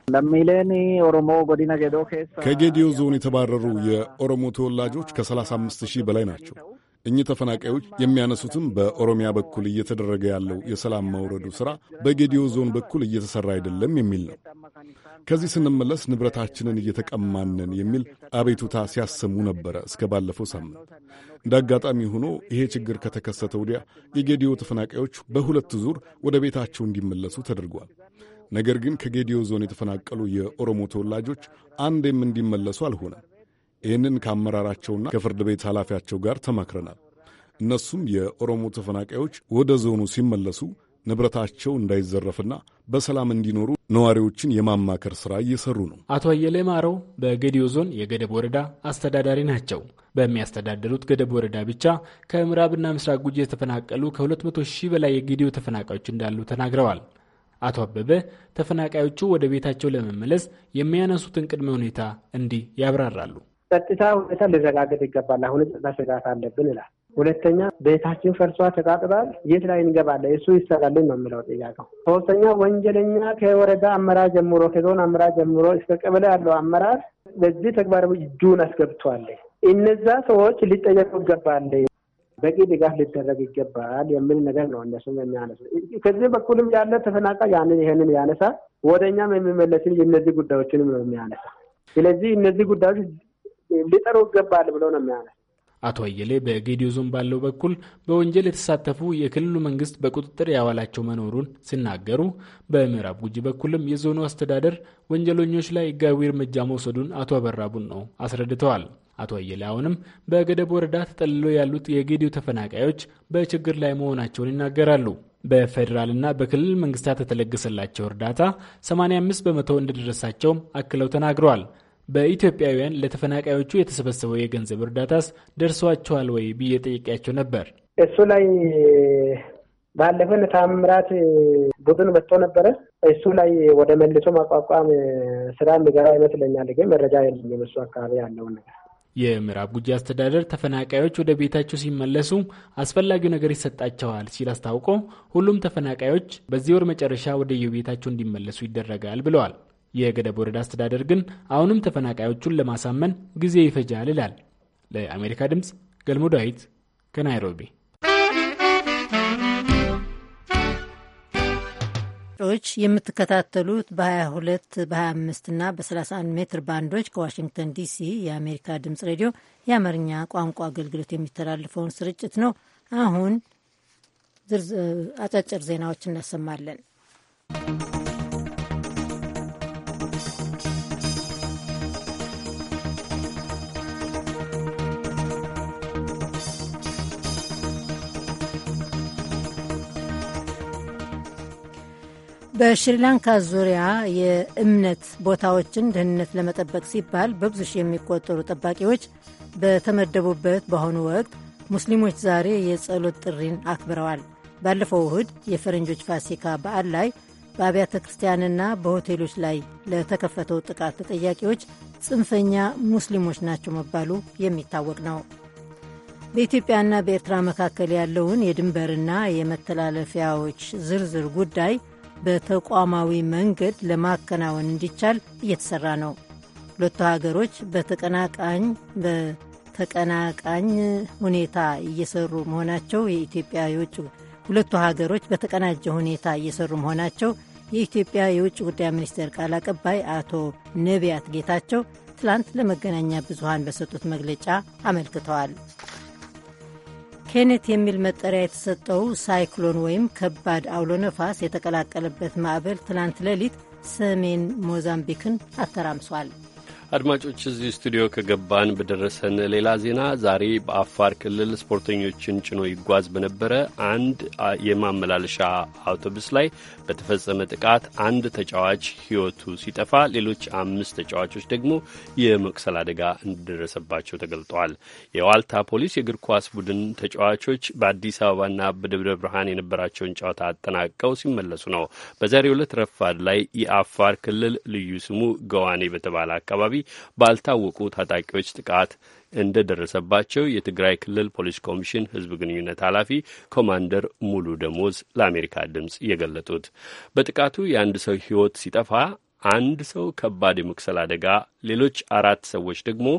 ከጌዲዮ ዞን የተባረሩ የኦሮሞ ተወላጆች ከ35 ሺህ በላይ ናቸው። እኚህ ተፈናቃዮች የሚያነሱትም በኦሮሚያ በኩል እየተደረገ ያለው የሰላም መውረዱ ሥራ በጌዲዮ ዞን በኩል እየተሠራ አይደለም የሚል ነው። ከዚህ ስንመለስ ንብረታችንን እየተቀማንን የሚል አቤቱታ ሲያሰሙ ነበረ እስከ ባለፈው ሳምንት። እንደ አጋጣሚ ሆኖ ይሄ ችግር ከተከሰተ ወዲያ የጌዲዮ ተፈናቃዮች በሁለት ዙር ወደ ቤታቸው እንዲመለሱ ተደርጓል። ነገር ግን ከጌዲዮ ዞን የተፈናቀሉ የኦሮሞ ተወላጆች አንዴም እንዲመለሱ አልሆነም። ይህንን ከአመራራቸውና ከፍርድ ቤት ኃላፊያቸው ጋር ተማክረናል። እነሱም የኦሮሞ ተፈናቃዮች ወደ ዞኑ ሲመለሱ ንብረታቸው እንዳይዘረፍና በሰላም እንዲኖሩ ነዋሪዎችን የማማከር ሥራ እየሰሩ ነው። አቶ አየለ ማረው በገዲዮ ዞን የገደብ ወረዳ አስተዳዳሪ ናቸው። በሚያስተዳደሩት ገደብ ወረዳ ብቻ ከምዕራብና ምስራቅ ጉጂ የተፈናቀሉ ከ200 ሺህ በላይ የገዲዮ ተፈናቃዮች እንዳሉ ተናግረዋል። አቶ አበበ ተፈናቃዮቹ ወደ ቤታቸው ለመመለስ የሚያነሱትን ቅድመ ሁኔታ እንዲህ ያብራራሉ። ጸጥታ ሁኔታ ሊረጋገጥ ይገባል። አሁን ጸጥታ ስጋት አለብን ይላል። ሁለተኛ ቤታችን ፈርሷ ተቃጥሏል፣ የት ላይ እንገባለን? እሱ ይሰራልን ነው የሚለው ጥያቄው። ሶስተኛ ወንጀለኛ ከወረዳ አመራር ጀምሮ ከዞን አመራር ጀምሮ እስከ ቀበሌ ያለው አመራር በዚህ ተግባር እጁን አስገብቷል። እነዛ ሰዎች ሊጠየቁ ይገባል፣ በቂ ድጋፍ ሊደረግ ይገባል የሚል ነገር ነው እነሱም የሚያነሱ። ከዚህ በኩልም ያለ ተፈናቃይ ያንን ይህንን ያነሳ፣ ወደ እኛም የሚመለስን የእነዚህ ጉዳዮችንም ነው የሚያነሳ። ስለዚህ እነዚህ ጉዳዮች ሊጠሩ ይገባል ብሎ ነው የሚያነ አቶ አየሌ በጌዲዮ ዞን ባለው በኩል በወንጀል የተሳተፉ የክልሉ መንግስት በቁጥጥር ያዋላቸው መኖሩን ሲናገሩ በምዕራብ ጉጂ በኩልም የዞኑ አስተዳደር ወንጀለኞች ላይ ህጋዊ እርምጃ መውሰዱን አቶ አበራቡን ነው አስረድተዋል። አቶ አየሌ አሁንም በገደብ ወረዳ ተጠልለው ያሉት የጌዲዮ ተፈናቃዮች በችግር ላይ መሆናቸውን ይናገራሉ። በፌዴራልና በክልል መንግስታት የተለገሰላቸው እርዳታ 85 በመቶ እንደደረሳቸውም አክለው ተናግረዋል። በኢትዮጵያውያን ለተፈናቃዮቹ የተሰበሰበው የገንዘብ እርዳታስ ደርሷቸዋል ወይ ብዬ ጠይቄያቸው ነበር። እሱ ላይ ባለፈን ታምራት ቡድን መጥቶ ነበረ። እሱ ላይ ወደ መልሶ ማቋቋም ስራ የሚገባ ይመስለኛል፣ ግን መረጃ የለኝም እሱ አካባቢ ያለውን ነገር። የምዕራብ ጉጂ አስተዳደር ተፈናቃዮች ወደ ቤታቸው ሲመለሱ አስፈላጊው ነገር ይሰጣቸዋል ሲል አስታውቆ ሁሉም ተፈናቃዮች በዚህ ወር መጨረሻ ወደ የቤታቸው እንዲመለሱ ይደረጋል ብለዋል። የገደብ ወረዳ አስተዳደር ግን አሁንም ተፈናቃዮቹን ለማሳመን ጊዜ ይፈጃል ይላል። ለአሜሪካ ድምፅ ገልሞ ዳዊት ከናይሮቢ። ዎች የምትከታተሉት በ22 በ25 እና በ31 ሜትር ባንዶች ከዋሽንግተን ዲሲ የአሜሪካ ድምፅ ሬዲዮ የአማርኛ ቋንቋ አገልግሎት የሚተላለፈውን ስርጭት ነው። አሁን አጫጭር ዜናዎች እናሰማለን። በሽሪላንካ ዙሪያ የእምነት ቦታዎችን ደህንነት ለመጠበቅ ሲባል በብዙ ሺህ የሚቆጠሩ ጠባቂዎች በተመደቡበት በአሁኑ ወቅት ሙስሊሞች ዛሬ የጸሎት ጥሪን አክብረዋል። ባለፈው እሁድ የፈረንጆች ፋሲካ በዓል ላይ በአብያተ ክርስቲያንና በሆቴሎች ላይ ለተከፈተው ጥቃት ተጠያቂዎች ጽንፈኛ ሙስሊሞች ናቸው መባሉ የሚታወቅ ነው። በኢትዮጵያና በኤርትራ መካከል ያለውን የድንበርና የመተላለፊያዎች ዝርዝር ጉዳይ በተቋማዊ መንገድ ለማከናወን እንዲቻል እየተሰራ ነው። ሁለቱ ሀገሮች በተቀናቃኝ በተቀናቃኝ ሁኔታ እየሰሩ መሆናቸው የኢትዮጵያ የውጭ ሁለቱ ሀገሮች በተቀናጀ ሁኔታ እየሰሩ መሆናቸው የኢትዮጵያ የውጭ ጉዳይ ሚኒስቴር ቃል አቀባይ አቶ ነቢያት ጌታቸው ትላንት ለመገናኛ ብዙሃን በሰጡት መግለጫ አመልክተዋል። ኬኔት የሚል መጠሪያ የተሰጠው ሳይክሎን ወይም ከባድ አውሎ ነፋስ የተቀላቀለበት ማዕበል ትላንት ሌሊት ሰሜን ሞዛምቢክን አተራምሷል። አድማጮች እዚህ ስቱዲዮ ከገባን በደረሰን ሌላ ዜና ዛሬ በአፋር ክልል ስፖርተኞችን ጭኖ ይጓዝ በነበረ አንድ የማመላለሻ አውቶቡስ ላይ በተፈጸመ ጥቃት አንድ ተጫዋች ሕይወቱ ሲጠፋ ሌሎች አምስት ተጫዋቾች ደግሞ የመቁሰል አደጋ እንደደረሰባቸው ተገልጠዋል። የዋልታ ፖሊስ የእግር ኳስ ቡድን ተጫዋቾች በአዲስ አበባና በደብረ ብርሃን የነበራቸውን ጨዋታ አጠናቀው ሲመለሱ ነው። በዛሬው ዕለት ረፋድ ላይ የአፋር ክልል ልዩ ስሙ ገዋኔ በተባለ አካባቢ ባልታወቁ ታጣቂዎች ጥቃት እንደደረሰባቸው የትግራይ ክልል ፖሊስ ኮሚሽን ህዝብ ግንኙነት ኃላፊ ኮማንደር ሙሉ ደሞዝ ለአሜሪካ ድምፅ የገለጡት በጥቃቱ የአንድ ሰው ህይወት ሲጠፋ አንድ ሰው ከባድ የመቁሰል አደጋ፣ ሌሎች አራት ሰዎች ደግሞ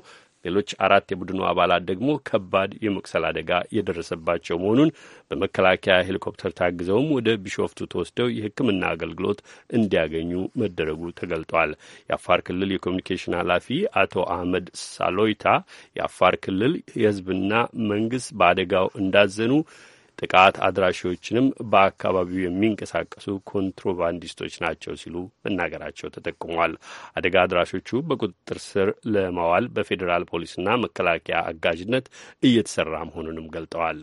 ሌሎች አራት የቡድኑ አባላት ደግሞ ከባድ የመቁሰል አደጋ የደረሰባቸው መሆኑን በመከላከያ ሄሊኮፕተር ታግዘውም ወደ ቢሾፍቱ ተወስደው የሕክምና አገልግሎት እንዲያገኙ መደረጉ ተገልጧል። የአፋር ክልል የኮሚኒኬሽን ኃላፊ አቶ አህመድ ሳሎይታ የአፋር ክልል የህዝብና መንግስት በአደጋው እንዳዘኑ ጥቃት አድራሾችንም በአካባቢው የሚንቀሳቀሱ ኮንትሮባንዲስቶች ናቸው ሲሉ መናገራቸው ተጠቁሟል። አደጋ አድራሾቹ በቁጥጥር ስር ለማዋል በፌዴራል ፖሊስና መከላከያ አጋዥነት እየተሰራ መሆኑንም ገልጠዋል።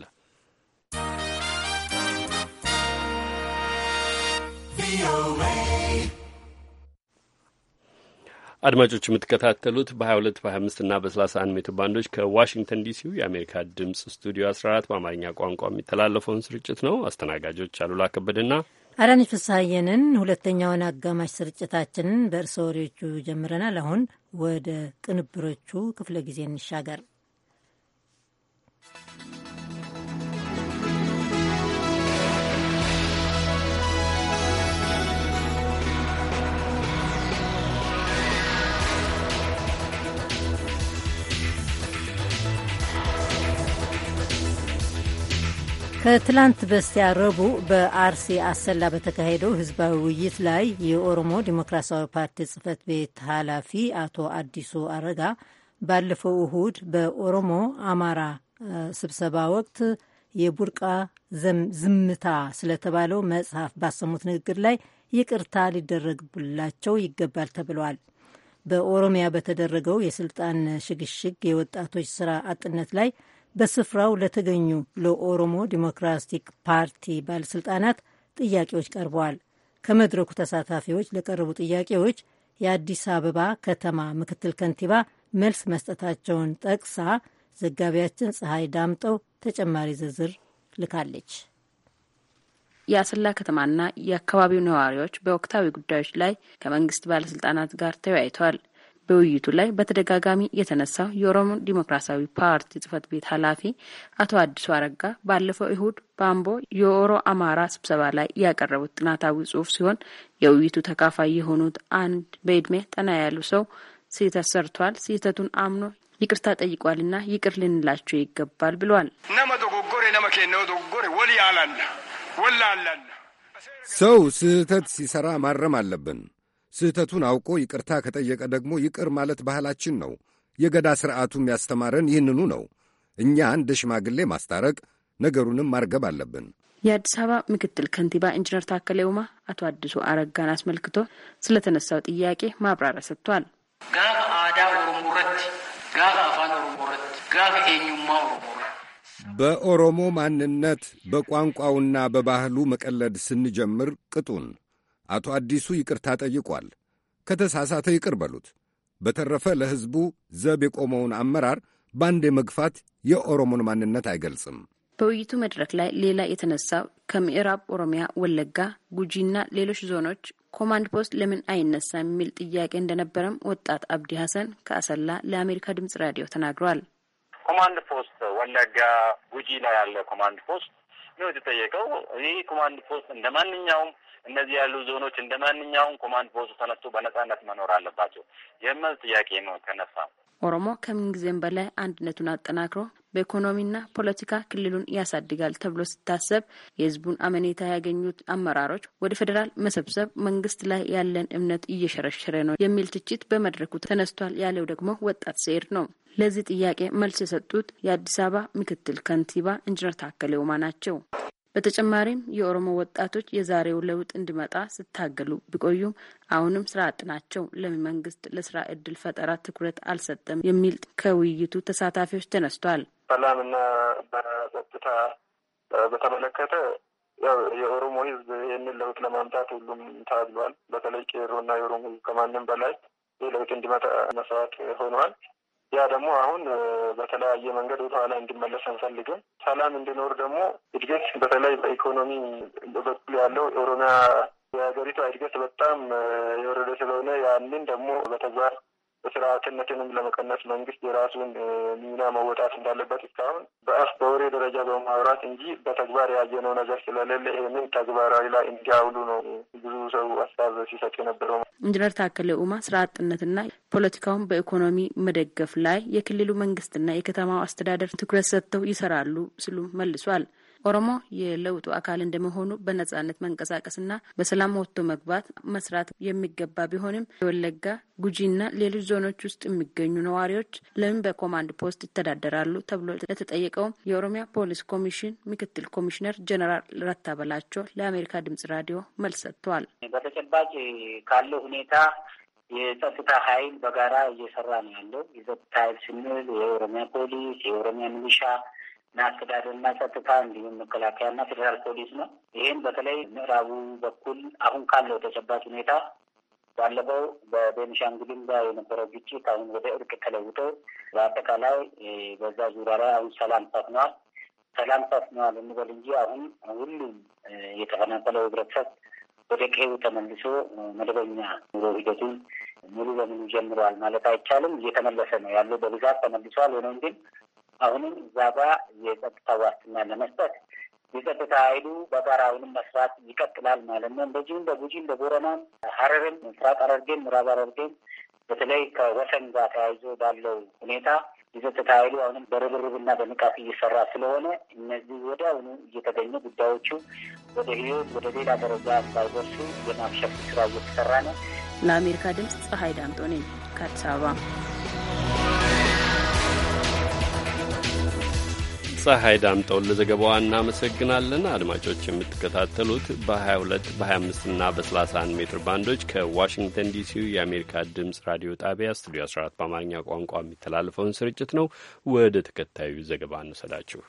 አድማጮች የምትከታተሉት በ22 በ25 እና በ31 ሜትር ባንዶች ከዋሽንግተን ዲሲው የአሜሪካ ድምጽ ስቱዲዮ 14 በአማርኛ ቋንቋ የሚተላለፈውን ስርጭት ነው። አስተናጋጆች አሉላ ከበድና አዳነች ፍስሐየንን። ሁለተኛውን አጋማሽ ስርጭታችንን በእርሰ ወሬዎቹ ጀምረናል። አሁን ወደ ቅንብሮቹ ክፍለ ጊዜ እንሻገር። ከትላንት በስቲያ ረቡዕ በአርሲ አሰላ በተካሄደው ህዝባዊ ውይይት ላይ የኦሮሞ ዴሞክራሲያዊ ፓርቲ ጽህፈት ቤት ኃላፊ አቶ አዲሱ አረጋ ባለፈው እሁድ በኦሮሞ አማራ ስብሰባ ወቅት የቡርቃ ዝምታ ስለተባለው መጽሐፍ ባሰሙት ንግግር ላይ ይቅርታ ሊደረግላቸው ይገባል ተብለዋል። በኦሮሚያ በተደረገው የስልጣን ሽግሽግ የወጣቶች ስራ አጥነት ላይ በስፍራው ለተገኙ ለኦሮሞ ዲሞክራቲክ ፓርቲ ባለሥልጣናት ጥያቄዎች ቀርበዋል። ከመድረኩ ተሳታፊዎች ለቀረቡ ጥያቄዎች የአዲስ አበባ ከተማ ምክትል ከንቲባ መልስ መስጠታቸውን ጠቅሳ ዘጋቢያችን ፀሐይ ዳምጠው ተጨማሪ ዝርዝር ልካለች። የአሰላ ከተማና የአካባቢው ነዋሪዎች በወቅታዊ ጉዳዮች ላይ ከመንግስት ባለስልጣናት ጋር ተወያይተዋል። በውይይቱ ላይ በተደጋጋሚ የተነሳው የኦሮሞ ዲሞክራሲያዊ ፓርቲ ጽህፈት ቤት ኃላፊ አቶ አዲሱ አረጋ ባለፈው እሁድ በአምቦ የኦሮ አማራ ስብሰባ ላይ ያቀረቡት ጥናታዊ ጽሁፍ ሲሆን የውይይቱ ተካፋይ የሆኑት አንድ በዕድሜ ጠና ያሉ ሰው ስህተት ሰርቷል፣ ስህተቱን አምኖ ይቅርታ ጠይቋልና ይቅር ልንላቸው ይገባል ብሏል። ሰው ስህተት ሲሰራ ማረም አለብን። ስህተቱን አውቆ ይቅርታ ከጠየቀ ደግሞ ይቅር ማለት ባህላችን ነው። የገዳ ሥርዓቱም ያስተማረን ይህንኑ ነው። እኛ እንደ ሽማግሌ ማስታረቅ፣ ነገሩንም ማርገብ አለብን። የአዲስ አበባ ምክትል ከንቲባ ኢንጂነር ታከለ ኡማ አቶ አዲሱ አረጋን አስመልክቶ ስለተነሳው ጥያቄ ማብራሪያ ሰጥቷል። ጋፍ አዳ ኦሮሞረት ጋፍ አፋን ኦሮሞረት ጋፍ ኤኙማ በኦሮሞ ማንነት በቋንቋውና በባህሉ መቀለድ ስንጀምር ቅጡን አቶ አዲሱ ይቅርታ ጠይቋል። ከተሳሳተ ይቅር በሉት። በተረፈ ለሕዝቡ ዘብ የቆመውን አመራር በአንዴ መግፋት የኦሮሞን ማንነት አይገልጽም። በውይይቱ መድረክ ላይ ሌላ የተነሳው ከምዕራብ ኦሮሚያ ወለጋ፣ ጉጂና ሌሎች ዞኖች ኮማንድ ፖስት ለምን አይነሳ የሚል ጥያቄ እንደነበረም ወጣት አብዲ ሀሰን ከአሰላ ለአሜሪካ ድምጽ ራዲዮ ተናግሯል። ኮማንድ ፖስት ወለጋ ጉጂ ላይ ያለ ኮማንድ ፖስት ነው የተጠየቀው። ይህ ኮማንድ ፖስት እንደ ማንኛውም እነዚህ ያሉ ዞኖች እንደ ማንኛውም ኮማንድ ፖስቱ ተነስቶ በነጻነት መኖር አለባቸው የሚል ጥያቄ ነው ተነሳው። ኦሮሞ ከምን ጊዜም በላይ አንድነቱን አጠናክሮ በኢኮኖሚና ፖለቲካ ክልሉን ያሳድጋል ተብሎ ሲታሰብ የሕዝቡን አመኔታ ያገኙት አመራሮች ወደ ፌዴራል መሰብሰብ መንግስት ላይ ያለን እምነት እየሸረሸረ ነው የሚል ትችት በመድረኩ ተነስቷል ያለው ደግሞ ወጣት ሰኤድ ነው። ለዚህ ጥያቄ መልስ የሰጡት የአዲስ አበባ ምክትል ከንቲባ ኢንጂነር ታከለ ኡማ ናቸው። በተጨማሪም የኦሮሞ ወጣቶች የዛሬው ለውጥ እንዲመጣ ስታገሉ ቢቆዩም አሁንም ስራ አጥ ናቸው፣ ለመንግስት ለስራ እድል ፈጠራ ትኩረት አልሰጠም የሚል ከውይይቱ ተሳታፊዎች ተነስቷል። ሰላምና በጸጥታ በተመለከተ ያው የኦሮሞ ህዝብ ይህንን ለውጥ ለማምጣት ሁሉም ታግሏል። በተለይ ቄሮና የኦሮሞ ህዝብ ከማንም በላይ ይህ ለውጥ እንዲመጣ መስዋዕት ሆኗል። ያ ደግሞ አሁን በተለያየ መንገድ ወደ ኋላ እንዲመለስ አንፈልግም። ሰላም እንዲኖር ደግሞ እድገት በተለይ በኢኮኖሚ በኩል ያለው የኦሮሚያ የሀገሪቷ እድገት በጣም የወረደ ስለሆነ ያንን ደግሞ በተግባር ስርዓትነትንም ለመቀነስ መንግስት የራሱን ሚና መወጣት እንዳለበት እስካሁን በአፍ በወሬ ደረጃ በማውራት እንጂ በተግባር ያየነው ነገር ስለሌለ ይህንን ተግባራዊ ላይ እንዲያውሉ ነው ብዙ ሰው ሀሳብ ሲሰጥ የነበረው። ኢንጂነር ታከለ ኡማ ስራ አጥነትና ፖለቲካውን በኢኮኖሚ መደገፍ ላይ የክልሉ መንግስትና የከተማው አስተዳደር ትኩረት ሰጥተው ይሰራሉ ሲሉ መልሷል። ኦሮሞ የለውጡ አካል እንደመሆኑ በነጻነት መንቀሳቀስና በሰላም ወጥቶ መግባት መስራት የሚገባ ቢሆንም የወለጋ ጉጂና ሌሎች ዞኖች ውስጥ የሚገኙ ነዋሪዎች ለምን በኮማንድ ፖስት ይተዳደራሉ ተብሎ ለተጠየቀውም የኦሮሚያ ፖሊስ ኮሚሽን ምክትል ኮሚሽነር ጀነራል ረታ በላቸው ለአሜሪካ ድምጽ ራዲዮ መልስ ሰጥተዋል። በተጨባጭ ካለው ሁኔታ የጸጥታ ኃይል በጋራ እየሰራ ነው ያለው። የጸጥታ ኃይል ስንል የኦሮሚያ ፖሊስ፣ የኦሮሚያ ሚሊሻ አስተዳደርና ጸጥታ እንዲሁም መከላከያና ፌዴራል ፖሊስ ነው። ይህም በተለይ ምዕራቡ በኩል አሁን ካለው ተጨባጭ ሁኔታ ባለፈው በቤኒሻንጉልም ጋር የነበረው ግጭት አሁን ወደ እርቅ ተለውጦ በአጠቃላይ በዛ ዙሪያ ላይ አሁን ሰላም ሰፍነዋል። ሰላም ሰፍነዋል እንበል እንጂ አሁን ሁሉም የተፈናቀለው ህብረተሰብ ወደ ቀዬው ተመልሶ መደበኛ ኑሮ ሂደቱን ሙሉ በሙሉ ጀምረዋል ማለት አይቻልም። እየተመለሰ ነው ያለው፣ በብዛት ተመልሰዋል። ሆኖም ግን አሁንም ዛባ የጸጥታ ዋስትና ለመስጠት የጸጥታ ኃይሉ በጋራ አሁንም መስራት ይቀጥላል ማለት ነው። እንደዚሁም በጉጂም በቦረናም፣ ሀረርም፣ ምስራቅ ሐረርጌም፣ ምዕራብ ሐረርጌም በተለይ ከወሰን ጋር ተያይዞ ባለው ሁኔታ የጸጥታ ኃይሉ አሁንም በርብርብና በንቃት እየሰራ ስለሆነ እነዚህ ወደ አሁኑ እየተገኙ ጉዳዮቹ ወደ ህይወት ወደ ሌላ ደረጃ እንዳይደርሱ የማክሸፍ ስራ እየተሰራ ነው። ለአሜሪካ ድምፅ ፀሐይ ዳምጦ ነኝ ከአዲስ አበባ። ፀሐይ ዳምጠውን ለዘገባዋ እናመሰግናለን። አድማጮች የምትከታተሉት በ22 25 እና በ31 ሜትር ባንዶች ከዋሽንግተን ዲሲው የአሜሪካ ድምፅ ራዲዮ ጣቢያ ስቱዲዮ 14 በአማርኛ ቋንቋ የሚተላለፈውን ስርጭት ነው። ወደ ተከታዩ ዘገባ እንውሰዳችሁ።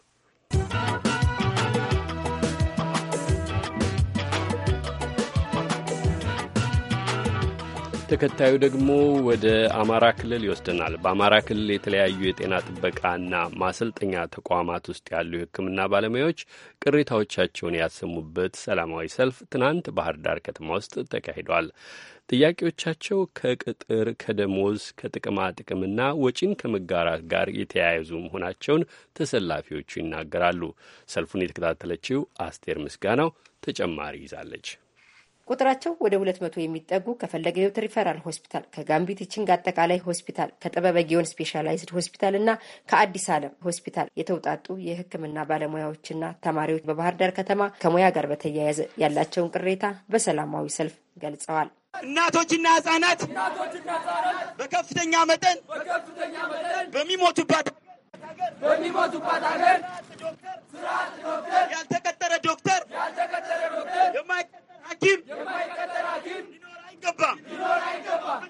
ተከታዩ ደግሞ ወደ አማራ ክልል ይወስደናል። በአማራ ክልል የተለያዩ የጤና ጥበቃና ማሰልጠኛ ተቋማት ውስጥ ያሉ የሕክምና ባለሙያዎች ቅሬታዎቻቸውን ያሰሙበት ሰላማዊ ሰልፍ ትናንት ባህር ዳር ከተማ ውስጥ ተካሂዷል። ጥያቄዎቻቸው ከቅጥር፣ ከደሞዝ፣ ከጥቅማ ጥቅምና ወጪን ከመጋራት ጋር የተያያዙ መሆናቸውን ተሰላፊዎቹ ይናገራሉ። ሰልፉን የተከታተለችው አስቴር ምስጋናው ተጨማሪ ይዛለች። ቁጥራቸው ወደ ሁለት መቶ የሚጠጉ ከፈለገ ሕይወት ሪፈራል ሆስፒታል፣ ከጋምቢት ቺንግ አጠቃላይ ሆስፒታል፣ ከጥበበ ጊዮን ስፔሻላይዝድ ሆስፒታል እና ከአዲስ ዓለም ሆስፒታል የተውጣጡ የህክምና ባለሙያዎችና ተማሪዎች በባህር ዳር ከተማ ከሙያ ጋር በተያያዘ ያላቸውን ቅሬታ በሰላማዊ ሰልፍ ገልጸዋል። እናቶችና ህጻናት በከፍተኛ መጠን በሚሞቱባት በሚሞቱባት ሀገር ያልተቀጠረ ዶክተር ሐኪም ሊኖር አይገባም።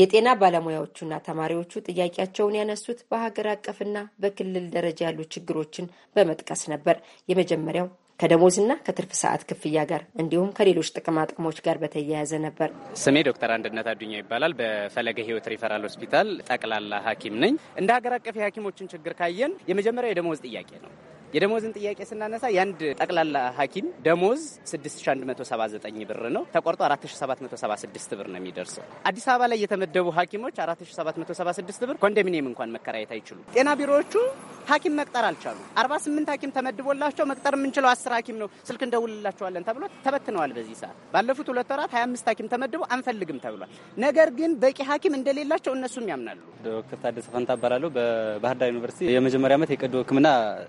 የጤና ባለሙያዎቹና ተማሪዎቹ ጥያቄያቸውን ያነሱት በሀገር አቀፍና በክልል ደረጃ ያሉ ችግሮችን በመጥቀስ ነበር። የመጀመሪያው ከደሞዝና ከትርፍ ሰዓት ክፍያ ጋር እንዲሁም ከሌሎች ጥቅማ ጥቅሞች ጋር በተያያዘ ነበር። ስሜ ዶክተር አንድነት አዱኛ ይባላል። በፈለገ ሕይወት ሪፈራል ሆስፒታል ጠቅላላ ሐኪም ነኝ። እንደ ሀገር አቀፍ የሐኪሞችን ችግር ካየን የመጀመሪያው የደሞዝ ጥያቄ ነው። የደሞዝን ጥያቄ ስናነሳ የአንድ ጠቅላላ ሐኪም ደሞዝ 6179 ብር ነው ተቆርጦ 4776 ብር ነው የሚደርሰው። አዲስ አበባ ላይ የተመደቡ ሐኪሞች 4776 ብር ኮንዶሚኒየም እንኳን መከራየት አይችሉም። ጤና ቢሮዎቹ ሐኪም መቅጠር አልቻሉም። 48 ሐኪም ተመድቦላቸው መቅጠር የምንችለው 10 ሐኪም ነው፣ ስልክ እንደውልላቸዋለን ተብሎ ተበትነዋል። በዚህ ሰዓት ባለፉት ሁለት ወራት 25 ሐኪም ተመድቦ አንፈልግም ተብሏል። ነገር ግን በቂ ሐኪም እንደሌላቸው እነሱም ያምናሉ። ዶክተር ታደሰ ፈንታ እባላለሁ። ዩኒቨርሲቲ የመጀመሪያ ዓመት የቀዶ ሕክምና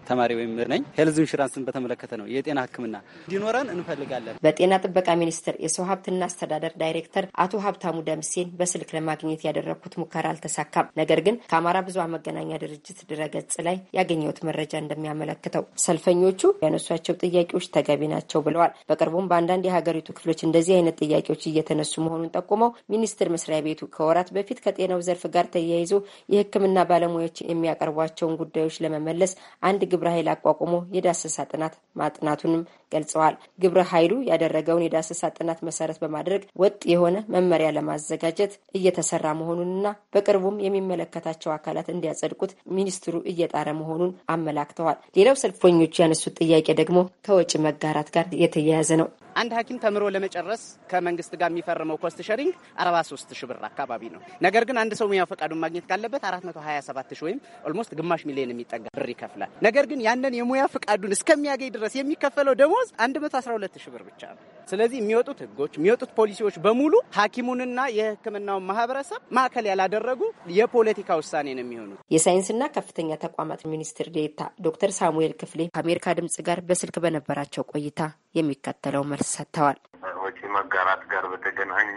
ተማሪ ወይም መምህር ነኝ። ሄልዝ ኢንሹራንስን በተመለከተ ነው። የጤና ሕክምና እንዲኖረን እንፈልጋለን። በጤና ጥበቃ ሚኒስቴር የሰው ሀብትና አስተዳደር ዳይሬክተር አቶ ሀብታሙ ደምሴን በስልክ ለማግኘት ያደረግኩት ሙከራ አልተሳካም። ነገር ግን ከአማራ ብዙ መገናኛ ድርጅት ድረገጽ ላይ ያገኘሁት መረጃ እንደሚያመለክተው ሰልፈኞቹ ያነሷቸው ጥያቄዎች ተገቢ ናቸው ብለዋል። በቅርቡም በአንዳንድ የሀገሪቱ ክፍሎች እንደዚህ አይነት ጥያቄዎች እየተነሱ መሆኑን ጠቁመው ሚኒስቴር መስሪያ ቤቱ ከወራት በፊት ከጤናው ዘርፍ ጋር ተያይዞ የሕክምና ባለሙያዎች የሚያቀርቧቸውን ጉዳዮች ለመመለስ አንድ ግብረ ኃይል አቋቁሞ የዳሰሳ ጥናት ማጥናቱንም ገልጸዋል። ግብረ ኃይሉ ያደረገውን የዳሰሳ ጥናት መሰረት በማድረግ ወጥ የሆነ መመሪያ ለማዘጋጀት እየተሰራ መሆኑንና በቅርቡም የሚመለከታቸው አካላት እንዲያጸድቁት ሚኒስትሩ እየጣረ መሆኑን አመላክተዋል። ሌላው ሰልፈኞቹ ያነሱት ጥያቄ ደግሞ ከወጪ መጋራት ጋር የተያያዘ ነው። አንድ ሐኪም ተምሮ ለመጨረስ ከመንግስት ጋር የሚፈርመው ኮስት ሸሪንግ 43 ሺ ብር አካባቢ ነው። ነገር ግን አንድ ሰው ሙያ ፈቃዱን ማግኘት ካለበት 427 ሺ ወይም ኦልሞስት ግማሽ ሚሊዮን የሚጠጋ ብር ይከፍላል። ነገር ግን ያንን የሙያ ፈቃዱን እስከሚያገኝ ድረስ የሚከፈለው ደሞዝ 112 ሺ ብር ብቻ ነው። ስለዚህ የሚወጡት ህጎች የሚወጡት ፖሊሲዎች በሙሉ ሐኪሙንና የህክምናውን ማህበረሰብ ማዕከል ያላደረጉ የፖለቲካ ውሳኔ ነው የሚሆኑት። የሳይንስና ከፍተኛ ተቋማት ሚኒስትር ዴታ ዶክተር ሳሙኤል ክፍሌ ከአሜሪካ ድምጽ ጋር በስልክ በነበራቸው ቆይታ የሚከተለው መ መልስ ሰጥተዋል። ወጪ መጋራት ጋር በተገናኘ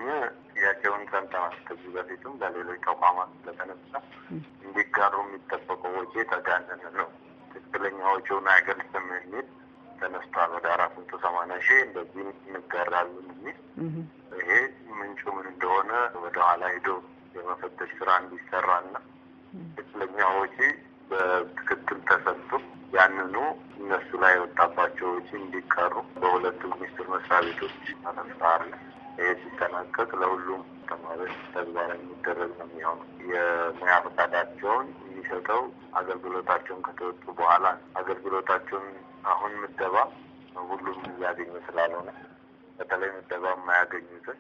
ጥያቄውን ሰምተናል። ከዚህ በፊትም በሌሎች ተቋማት ስለተነሳ እንዲጋሩ የሚጠበቀው ወጪ የተጋነነ ነው፣ ትክክለኛ ወጪውን አይገልጽም የሚል ተነስቷል። ወደ አራት መቶ ሰማንያ ሺህ እንደዚህ እንጋራለን የሚል ይሄ ምንጩ ምን እንደሆነ ወደኋላ ሂዶ የመፈተሽ ስራ እንዲሰራና ትክክለኛ ወጪ በትክክል ተሰጥቶ ያንኑ እነሱ ላይ የወጣባቸው ወጪ እንዲቀሩ በሁለቱ ሚኒስትር መስሪያ ቤቶች ተነስተዋል። ይህ ሲጠናቀቅ ለሁሉም ተማሪዎች ተግባራዊ የሚደረግ ነው የሚሆኑ የሙያ ፈቃዳቸውን የሚሰጠው አገልግሎታቸውን ከተወጡ በኋላ አገልግሎታቸውን አሁን ምደባ ሁሉም እያገኙ ስላልሆነ በተለይ ምደባ የማያገኙትን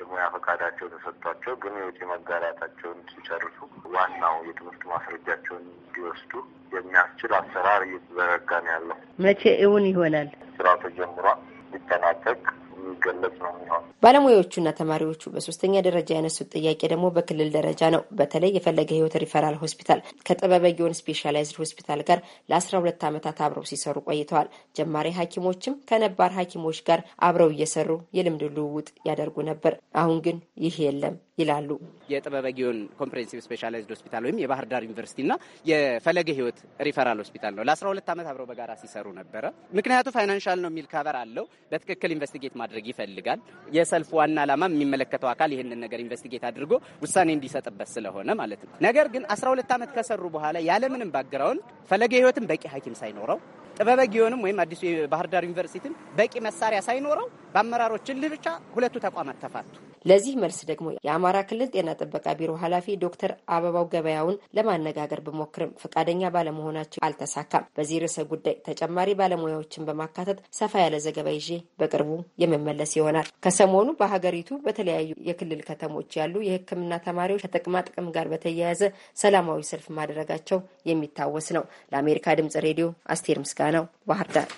የሙያ ፈቃዳቸው ተሰጥቷቸው ግን የውጭ መጋራታቸውን ሲጨርሱ ዋናው የትምህርት ማስረጃቸውን እንዲወስዱ የሚያስችል አሰራር እየተዘረጋ ነው ያለው። መቼ እውን ይሆናል ስራው ተጀምሯ ሊጠናቀቅ የሚገለጽ ነው የሚሆን። ባለሙያዎቹና ተማሪዎቹ በሶስተኛ ደረጃ ያነሱት ጥያቄ ደግሞ በክልል ደረጃ ነው። በተለይ የፈለገ ህይወት ሪፈራል ሆስፒታል ከጥበበጊዮን ስፔሻላይዝድ ሆስፒታል ጋር ለአስራ ሁለት ዓመታት አብረው ሲሰሩ ቆይተዋል። ጀማሪ ሐኪሞችም ከነባር ሐኪሞች ጋር አብረው እየሰሩ የልምድ ልውውጥ ያደርጉ ነበር። አሁን ግን ይህ የለም ይላሉ። የጥበበጊዮን ኮምፕሬንሲቭ ስፔሻላይዝድ ሆስፒታል ወይም የባህር ዳር ዩኒቨርሲቲና የፈለገ ህይወት ሪፈራል ሆስፒታል ነው። ለ12 ዓመት አብረው በጋራ ሲሰሩ ነበረ። ምክንያቱ ፋይናንሻል ነው የሚል ካቨር አለው። በትክክል ኢንቨስቲጌት ማድረግ ይፈልጋል። የሰልፍ ዋና ዓላማ የሚመለከተው አካል ይህንን ነገር ኢንቨስቲጌት አድርጎ ውሳኔ እንዲሰጥበት ስለሆነ ማለት ነው። ነገር ግን 12 ዓመት ከሰሩ በኋላ ያለምንም ባግራውንድ ፈለገ ህይወትን በቂ ሐኪም ሳይኖረው ጊዮንም ወይም አዲሱ የባህር ዳር ዩኒቨርሲቲም በቂ መሳሪያ ሳይኖረው በአመራሮችን ልብቻ ሁለቱ ተቋማት ተፋቱ። ለዚህ መልስ ደግሞ የአማራ ክልል ጤና ጥበቃ ቢሮ ኃላፊ ዶክተር አበባው ገበያውን ለማነጋገር ብሞክርም ፈቃደኛ ባለመሆናቸው አልተሳካም። በዚህ ርዕሰ ጉዳይ ተጨማሪ ባለሙያዎችን በማካተት ሰፋ ያለ ዘገባ ይዤ በቅርቡ የመመለስ ይሆናል። ከሰሞኑ በሀገሪቱ በተለያዩ የክልል ከተሞች ያሉ የሕክምና ተማሪዎች ከጥቅማ ጥቅም ጋር በተያያዘ ሰላማዊ ሰልፍ ማድረጋቸው የሚታወስ ነው። ለአሜሪካ ድምጽ ሬዲዮ አስቴር ምስጋናው ባህር ዳር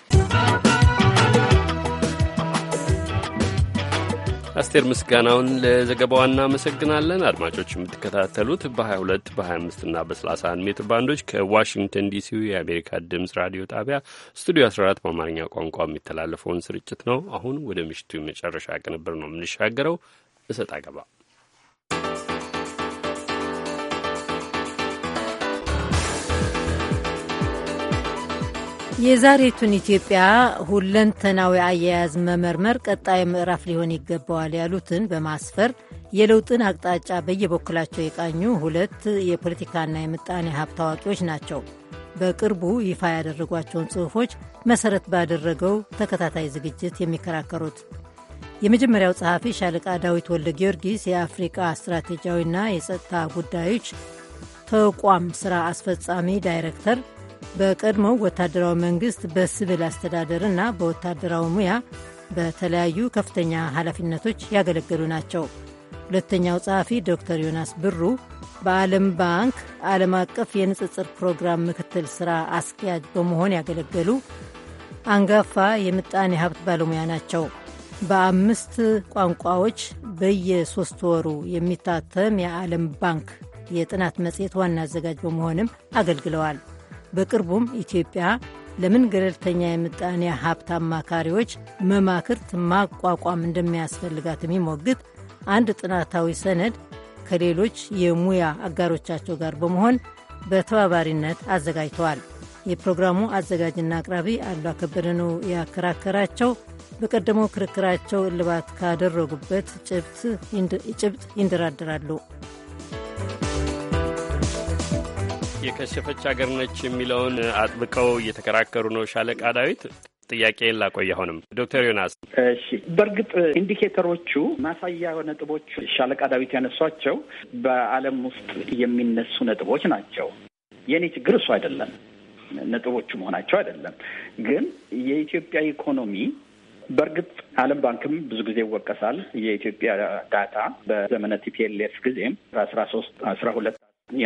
አስቴር ምስጋናውን ለዘገባዋ እናመሰግናለን። አድማጮች የምትከታተሉት በ22 በ25ና በ31 ሜትር ባንዶች ከዋሽንግተን ዲሲው የአሜሪካ ድምፅ ራዲዮ ጣቢያ ስቱዲዮ 14 በአማርኛ ቋንቋ የሚተላለፈውን ስርጭት ነው። አሁን ወደ ምሽቱ የመጨረሻ ቅንብር ነው የምንሻገረው። እሰጥ አገባ የዛሬቱን ኢትዮጵያ ሁለንተናዊ አያያዝ መመርመር ቀጣይ ምዕራፍ ሊሆን ይገባዋል ያሉትን በማስፈር የለውጥን አቅጣጫ በየበኩላቸው የቃኙ ሁለት የፖለቲካና የምጣኔ ሀብት አዋቂዎች ናቸው። በቅርቡ ይፋ ያደረጓቸውን ጽሑፎች መሰረት ባደረገው ተከታታይ ዝግጅት የሚከራከሩት የመጀመሪያው ጸሐፊ ሻለቃ ዳዊት ወልደ ጊዮርጊስ የአፍሪቃ ስትራቴጂያዊና የጸጥታ ጉዳዮች ተቋም ስራ አስፈጻሚ ዳይሬክተር በቀድሞው ወታደራዊ መንግስት አስተዳደር አስተዳደርና በወታደራዊ ሙያ በተለያዩ ከፍተኛ ኃላፊነቶች ያገለገሉ ናቸው። ሁለተኛው ጸሐፊ ዶክተር ዮናስ ብሩ በዓለም ባንክ ዓለም አቀፍ የንጽጽር ፕሮግራም ምክትል ሥራ አስኪያጅ በመሆን ያገለገሉ አንጋፋ የምጣኔ ሀብት ባለሙያ ናቸው። በአምስት ቋንቋዎች በየሶስት ወሩ የሚታተም የዓለም ባንክ የጥናት መጽሔት ዋና አዘጋጅ በመሆንም አገልግለዋል። በቅርቡም ኢትዮጵያ ለምን ገለልተኛ የምጣኔ ሀብት አማካሪዎች መማክርት ማቋቋም እንደሚያስፈልጋት የሚሞግት አንድ ጥናታዊ ሰነድ ከሌሎች የሙያ አጋሮቻቸው ጋር በመሆን በተባባሪነት አዘጋጅተዋል። የፕሮግራሙ አዘጋጅና አቅራቢ አሉላ ከበደ ነው ያከራከራቸው። በቀደመው ክርክራቸው እልባት ካደረጉበት ጭብጥ ይንደራደራሉ። የከሸፈች ሀገር ነች የሚለውን አጥብቀው እየተከራከሩ ነው ሻለቃ ዳዊት። ጥያቄ ላቆይ። አሁንም ዶክተር ዮናስ እሺ፣ በእርግጥ ኢንዲኬተሮቹ ማሳያ ነጥቦቹ ሻለቃ ዳዊት ያነሷቸው በዓለም ውስጥ የሚነሱ ነጥቦች ናቸው። የእኔ ችግር እሱ አይደለም፣ ነጥቦቹ መሆናቸው አይደለም። ግን የኢትዮጵያ ኢኮኖሚ በእርግጥ ዓለም ባንክም ብዙ ጊዜ ይወቀሳል። የኢትዮጵያ ዳታ በዘመነ ቲፒኤልኤፍ ጊዜም አስራ ሶስት አስራ ሁለት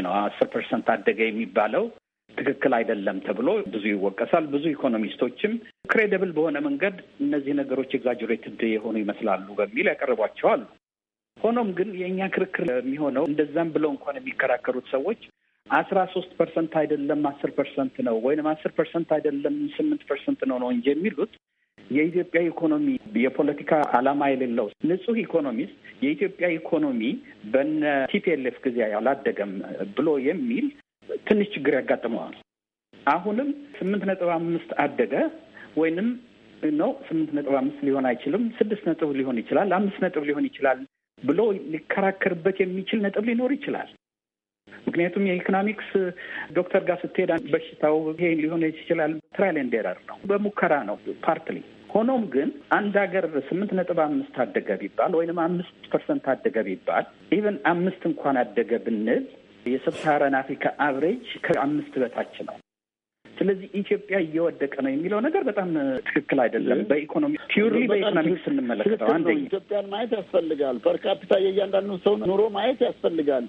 ነው አስር ፐርሰንት አደገ የሚባለው ትክክል አይደለም ተብሎ ብዙ ይወቀሳል። ብዙ ኢኮኖሚስቶችም ክሬደብል በሆነ መንገድ እነዚህ ነገሮች ኤግዛጀሬትድ የሆኑ ይመስላሉ በሚል ያቀርቧቸዋል። ሆኖም ግን የእኛ ክርክር የሚሆነው እንደዛም ብለው እንኳን የሚከራከሩት ሰዎች አስራ ሶስት ፐርሰንት አይደለም አስር ፐርሰንት ነው ወይም አስር ፐርሰንት አይደለም ስምንት ፐርሰንት ነው ነው እንጂ የሚሉት የኢትዮጵያ ኢኮኖሚ የፖለቲካ ዓላማ የሌለው ንጹህ ኢኮኖሚስት የኢትዮጵያ ኢኮኖሚ በነ ቲፒኤልኤፍ ጊዜ አላደገም ብሎ የሚል ትንሽ ችግር ያጋጥመዋል። አሁንም ስምንት ነጥብ አምስት አደገ ወይንም ነው ስምንት ነጥብ አምስት ሊሆን አይችልም፣ ስድስት ነጥብ ሊሆን ይችላል፣ አምስት ነጥብ ሊሆን ይችላል ብሎ ሊከራከርበት የሚችል ነጥብ ሊኖር ይችላል። ምክንያቱም የኢኮኖሚክስ ዶክተር ጋር ስትሄድ በሽታው ይሄ ሊሆን ይችላል ትራይል ኤንድ ኤረር ነው፣ በሙከራ ነው ፓርትሊ ሆኖም ግን አንድ ሀገር ስምንት ነጥብ አምስት አደገ ቢባል ወይንም አምስት ፐርሰንት አደገ ቢባል ኢቨን አምስት እንኳን አደገ ብንል የሰብሳሃራን አፍሪካ አብሬጅ ከአምስት በታች ነው። ስለዚህ ኢትዮጵያ እየወደቀ ነው የሚለው ነገር በጣም ትክክል አይደለም። በኢኮኖሚ ፒውርሊ በኢኮኖሚክስ ስንመለከተው ኢትዮጵያን ማየት ያስፈልጋል። ፐርካፒታ የእያንዳንዱ ሰው ኑሮ ማየት ያስፈልጋል።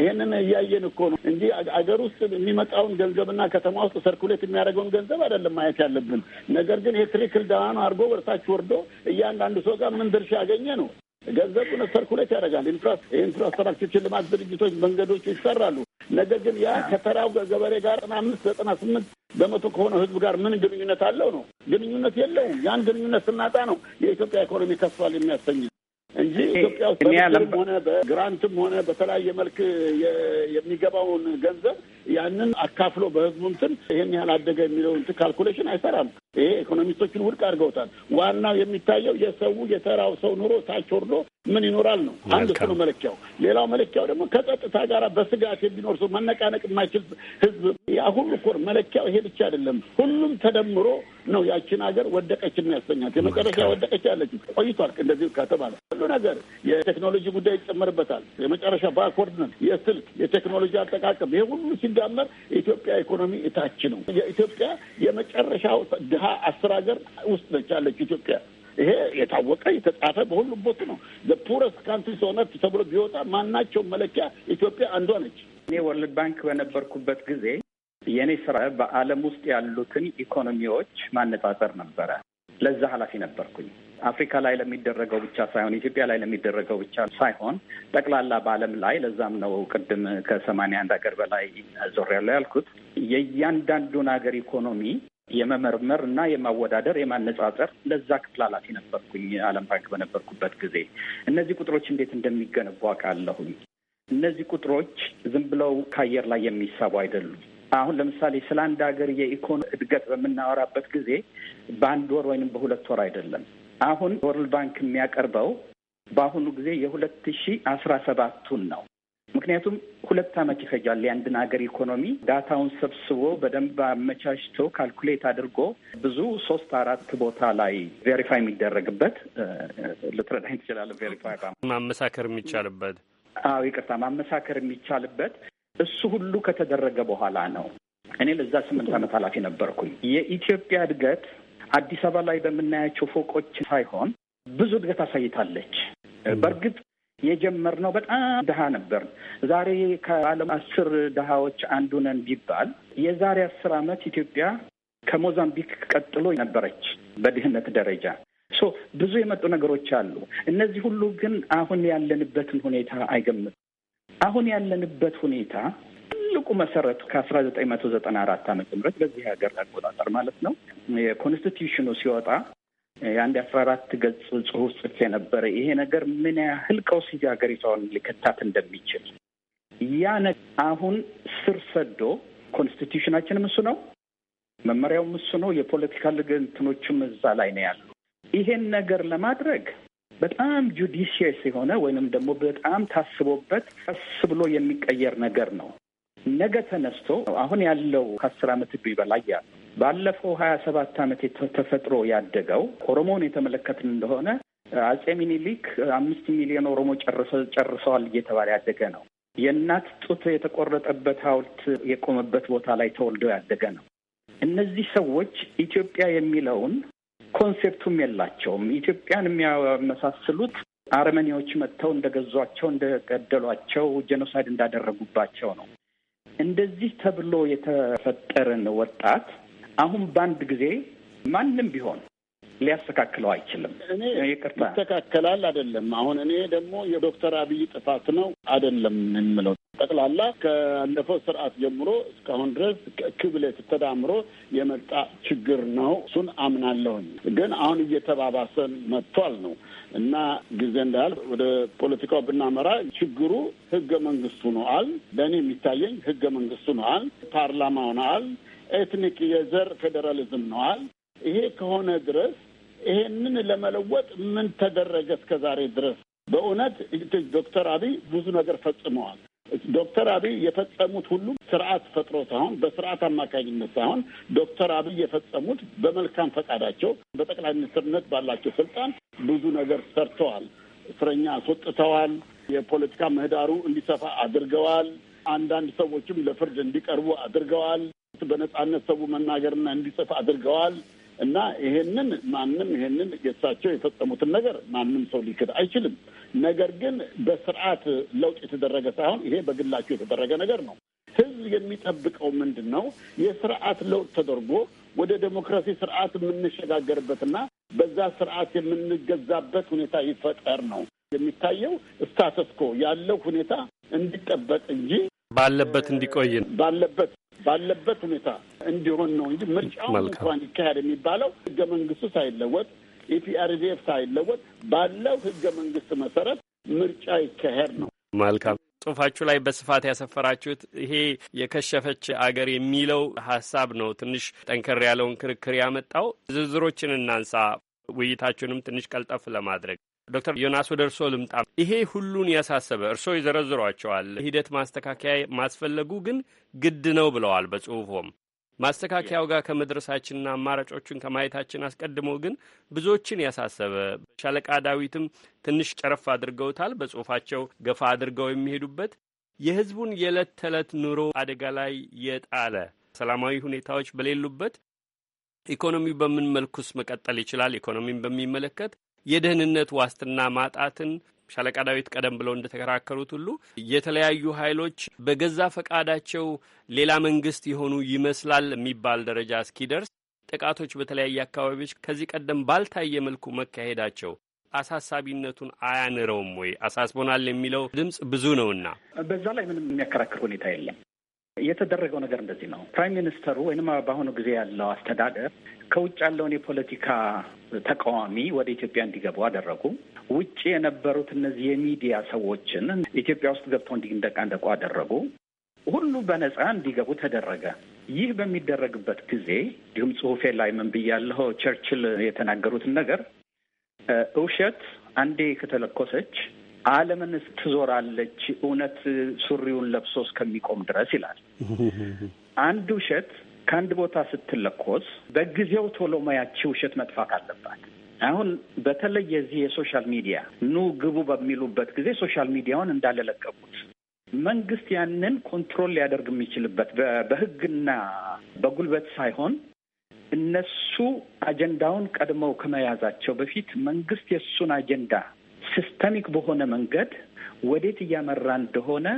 ይሄንን እያየን እኮ ነው እንጂ አገር ውስጥ የሚመጣውን ገንዘብና ከተማ ውስጥ ሰርኩሌት የሚያደርገውን ገንዘብ አይደለም ማየት ያለብን። ነገር ግን ይሄ ትሪክል ዳውን አድርጎ ወርታች ወርዶ እያንዳንዱ ሰው ጋር ምን ድርሻ ያገኘ ነው ገንዘቡን ሰርኩሌት ያደርጋል። ኢንፍራስትራክቸር ልማት ድርጅቶች መንገዶች ይሰራሉ። ነገር ግን ያ ከተራው ገበሬ ጋር አምስት ዘጠና ስምንት በመቶ ከሆነ ህዝብ ጋር ምን ግንኙነት አለው ነው? ግንኙነት የለውም። ያን ግንኙነት ስናጣ ነው የኢትዮጵያ ኢኮኖሚ ከስፋል የሚያሰኝ እንጂ ኢትዮጵያ ውስጥ ሆነ በግራንትም ሆነ በተለያየ መልክ የሚገባውን ገንዘብ ያንን አካፍሎ በህዝቡ እንትን ይህን ያህል አደገ የሚለው እንትን ካልኩሌሽን አይሰራም። ይሄ ኢኮኖሚስቶችን ውድቅ አድርገውታል። ዋናው የሚታየው የሰው የተራው ሰው ኑሮ ታች ወርዶ ምን ይኖራል ነው። አንድ እሱ ነው መለኪያው። ሌላው መለኪያው ደግሞ ከጸጥታ ጋር በስጋት የሚኖር ሰው መነቃነቅ የማይችል ህዝብ ያ ሁሉ ኮር መለኪያው ይሄ ብቻ አይደለም። ሁሉም ተደምሮ ነው ያችን ሀገር ወደቀች የሚያሰኛት። የመጨረሻ ወደቀች ያለች ቆይቷል። እንደዚህ ከተባለ ሁሉ ነገር የቴክኖሎጂ ጉዳይ ይጨመርበታል። የመጨረሻ ባኮርድ ነን። የስልክ የቴክኖሎጂ አጠቃቀም ይሄ ሁሉ ሲዳመር የኢትዮጵያ ኢኮኖሚ እታች ነው። የኢትዮጵያ የመጨረሻው ድሀ አስር ሀገር ውስጥ ነች ያለች ኢትዮጵያ። ይሄ የታወቀ የተጻፈ በሁሉ ቦት ነው። ፑረስት ካንትሪ ሰውነት ተብሎ ቢወጣ ማናቸውም መለኪያ ኢትዮጵያ አንዷ ነች። እኔ ወርልድ ባንክ በነበርኩበት ጊዜ የእኔ ስራ በዓለም ውስጥ ያሉትን ኢኮኖሚዎች ማነጻጸር ነበረ። ለዛ ኃላፊ ነበርኩኝ። አፍሪካ ላይ ለሚደረገው ብቻ ሳይሆን ኢትዮጵያ ላይ ለሚደረገው ብቻ ሳይሆን ጠቅላላ በዓለም ላይ ለዛም ነው ቅድም ከሰማንያ አንድ ሀገር በላይ ያለው ያልኩት የእያንዳንዱን ሀገር ኢኮኖሚ የመመርመር እና የማወዳደር የማነጻጸር ለዛ ክፍል ኃላፊ ነበርኩኝ። ዓለም ባንክ በነበርኩበት ጊዜ እነዚህ ቁጥሮች እንዴት እንደሚገነቡ አውቃለሁኝ። እነዚህ ቁጥሮች ዝም ብለው ከአየር ላይ የሚሳቡ አይደሉም። አሁን ለምሳሌ ስለ አንድ ሀገር የኢኮኖ እድገት በምናወራበት ጊዜ በአንድ ወር ወይም በሁለት ወር አይደለም። አሁን ወርልድ ባንክ የሚያቀርበው በአሁኑ ጊዜ የሁለት ሺ አስራ ሰባቱን ነው። ምክንያቱም ሁለት ዓመት ይፈጃል የአንድን ሀገር ኢኮኖሚ ዳታውን ሰብስቦ በደንብ አመቻችቶ ካልኩሌት አድርጎ ብዙ ሶስት አራት ቦታ ላይ ቬሪፋይ የሚደረግበት ልትረዳኝ ትችላለህ? ቬሪፋይ ማመሳከር የሚቻልበት አዎ፣ ይቅርታ ማመሳከር የሚቻልበት እሱ ሁሉ ከተደረገ በኋላ ነው እኔ ለዛ ስምንት ዓመት ኃላፊ ነበርኩኝ። የኢትዮጵያ እድገት አዲስ አበባ ላይ በምናያቸው ፎቆች ሳይሆን ብዙ እድገት አሳይታለች። በእርግጥ የጀመርነው በጣም ድሃ ነበር። ዛሬ ከዓለም አስር ድሃዎች አንዱ ነን ቢባል የዛሬ አስር ዓመት ኢትዮጵያ ከሞዛምቢክ ቀጥሎ ነበረች በድህነት ደረጃ። ሶ ብዙ የመጡ ነገሮች አሉ። እነዚህ ሁሉ ግን አሁን ያለንበትን ሁኔታ አይገምጡም። አሁን ያለንበት ሁኔታ ትልቁ መሰረቱ ከአስራ ዘጠኝ መቶ ዘጠና አራት ዓመተ ምህረት በዚህ ሀገር አቆጣጠር ማለት ነው። የኮንስቲትዩሽኑ ሲወጣ የአንድ አስራ አራት ገጽ ጽሁፍ ጽፍ የነበረ ይሄ ነገር ምን ያህል ቀውስ ሀገሪቷን ሊከታት እንደሚችል ያ ነገር አሁን ስር ሰዶ ኮንስቲትዩሽናችንም እሱ ነው፣ መመሪያውም እሱ ነው፣ የፖለቲካል እንትኖችም እዛ ላይ ነው ያሉ። ይሄን ነገር ለማድረግ በጣም ጁዲሽየስ የሆነ ወይንም ደግሞ በጣም ታስቦበት ቀስ ብሎ የሚቀየር ነገር ነው። ነገ ተነስቶ አሁን ያለው ከአስር ዓመት ዕድሜ በላይ ያለው ባለፈው ሀያ ሰባት ዓመት ተፈጥሮ ያደገው ኦሮሞን የተመለከትን እንደሆነ አጼ ሚኒሊክ አምስት ሚሊዮን ኦሮሞ ጨርሰዋል እየተባለ ያደገ ነው። የእናት ጡት የተቆረጠበት ሐውልት የቆመበት ቦታ ላይ ተወልዶ ያደገ ነው። እነዚህ ሰዎች ኢትዮጵያ የሚለውን ኮንሴፕቱም የላቸውም። ኢትዮጵያን የሚያመሳስሉት አረመኔዎች መጥተው እንደገዟቸው፣ እንደገደሏቸው፣ ጄኖሳይድ እንዳደረጉባቸው ነው። እንደዚህ ተብሎ የተፈጠረን ወጣት አሁን በአንድ ጊዜ ማንም ቢሆን ሊያስተካክለው አይችልም። እኔ ይቅርታ ይስተካከላል አይደለም። አሁን እኔ ደግሞ የዶክተር አብይ ጥፋት ነው አይደለም የምለው ጠቅላላ ካለፈው ስርዓት ጀምሮ እስካሁን ድረስ ክብለት ተዳምሮ የመጣ ችግር ነው። እሱን አምናለሁኝ። ግን አሁን እየተባባሰ መጥቷል ነው እና ጊዜ እንዳል ወደ ፖለቲካው ብናመራ ችግሩ ህገ መንግስቱ ነው አል ለእኔ የሚታየኝ ህገ መንግስቱ ነው አል ፓርላማው ነው አል ኤትኒክ የዘር ፌዴራሊዝም ነው አል ይሄ ከሆነ ድረስ ይሄንን ለመለወጥ ምን ተደረገ እስከ ዛሬ ድረስ? በእውነት ዶክተር አብይ ብዙ ነገር ፈጽመዋል። ዶክተር አብይ የፈጸሙት ሁሉም ስርዓት ፈጥሮ ሳይሆን በስርዓት አማካኝነት ሳይሆን ዶክተር አብይ የፈጸሙት በመልካም ፈቃዳቸው በጠቅላይ ሚኒስትርነት ባላቸው ስልጣን ብዙ ነገር ሰርተዋል። እስረኛ አስወጥተዋል። የፖለቲካ ምህዳሩ እንዲሰፋ አድርገዋል። አንዳንድ ሰዎችም ለፍርድ እንዲቀርቡ አድርገዋል። በነጻነት ሰው መናገርና እንዲጽፍ አድርገዋል። እና ይሄንን ማንም ይሄንን የእሳቸው የፈጸሙትን ነገር ማንም ሰው ሊክድ አይችልም። ነገር ግን በስርዓት ለውጥ የተደረገ ሳይሆን ይሄ በግላቸው የተደረገ ነገር ነው። ህዝብ የሚጠብቀው ምንድን ነው? የስርዓት ለውጥ ተደርጎ ወደ ዴሞክራሲ ስርዓት የምንሸጋገርበትና በዛ ስርዓት የምንገዛበት ሁኔታ ይፈጠር ነው የሚታየው። ስታተስኮ ያለው ሁኔታ እንዲጠበቅ እንጂ ባለበት እንዲቆይ ባለበት ባለበት ሁኔታ እንዲሆን ነው እንጂ ምርጫውን እንኳን ይካሄድ የሚባለው ህገ መንግስቱ ሳይለወጥ ኢፒአርዲኤፍ ሳይለወጥ ባለው ህገ መንግስት መሰረት ምርጫ ይካሄድ ነው። መልካም ጽሁፋችሁ ላይ በስፋት ያሰፈራችሁት ይሄ የከሸፈች አገር የሚለው ሀሳብ ነው። ትንሽ ጠንከር ያለውን ክርክር ያመጣው ዝርዝሮችን እናንሳ። ውይይታችሁንም ትንሽ ቀልጠፍ ለማድረግ ዶክተር ዮናስ ወደ እርስዎ ልምጣ። ይሄ ሁሉን ያሳሰበ እርስዎ ይዘረዝሯቸዋል። ሂደት ማስተካከያ ማስፈለጉ ግን ግድ ነው ብለዋል በጽሁፎም። ማስተካከያው ጋር ከመድረሳችንና አማራጮቹን ከማየታችን አስቀድሞ ግን ብዙዎችን ያሳሰበ ሻለቃ ዳዊትም ትንሽ ጨረፍ አድርገውታል በጽሁፋቸው ገፋ አድርገው የሚሄዱበት የህዝቡን የዕለት ተዕለት ኑሮ አደጋ ላይ የጣለ ሰላማዊ ሁኔታዎች በሌሉበት ኢኮኖሚው በምን መልኩስ መቀጠል ይችላል? ኢኮኖሚን በሚመለከት የደህንነት ዋስትና ማጣትን ሻለቃ ዳዊት ቀደም ብለው እንደተከራከሩት ሁሉ የተለያዩ ኃይሎች በገዛ ፈቃዳቸው ሌላ መንግስት የሆኑ ይመስላል የሚባል ደረጃ እስኪደርስ ጥቃቶች በተለያየ አካባቢዎች ከዚህ ቀደም ባልታየ መልኩ መካሄዳቸው አሳሳቢነቱን አያንረውም ወይ? አሳስቦናል የሚለው ድምፅ ብዙ ነውና በዛ ላይ ምንም የሚያከራክር ሁኔታ የለም። የተደረገው ነገር እንደዚህ ነው። ፕራይም ሚኒስተሩ ወይም በአሁኑ ጊዜ ያለው አስተዳደር ከውጭ ያለውን የፖለቲካ ተቃዋሚ ወደ ኢትዮጵያ እንዲገቡ አደረጉ። ውጭ የነበሩት እነዚህ የሚዲያ ሰዎችን ኢትዮጵያ ውስጥ ገብተው እንዲንደቃንደቁ አደረጉ። ሁሉ በነጻ እንዲገቡ ተደረገ። ይህ በሚደረግበት ጊዜ እንዲሁም ጽሁፌ ላይ ምን ብያለሁ፣ ቸርችል የተናገሩትን ነገር እውሸት አንዴ ከተለኮሰች ዓለምን ትዞራለች እውነት ሱሪውን ለብሶ እስከሚቆም ድረስ ይላል። አንድ ውሸት ከአንድ ቦታ ስትለኮስ በጊዜው ቶሎ መያች ውሸት መጥፋት አለባት። አሁን በተለይ የዚህ የሶሻል ሚዲያ ኑ ግቡ በሚሉበት ጊዜ ሶሻል ሚዲያውን እንዳለለቀቁት መንግስት ያንን ኮንትሮል ሊያደርግ የሚችልበት በህግና በጉልበት ሳይሆን እነሱ አጀንዳውን ቀድመው ከመያዛቸው በፊት መንግስት የእሱን አጀንዳ ሲስተሚክ በሆነ መንገድ ወዴት እያመራ እንደሆነ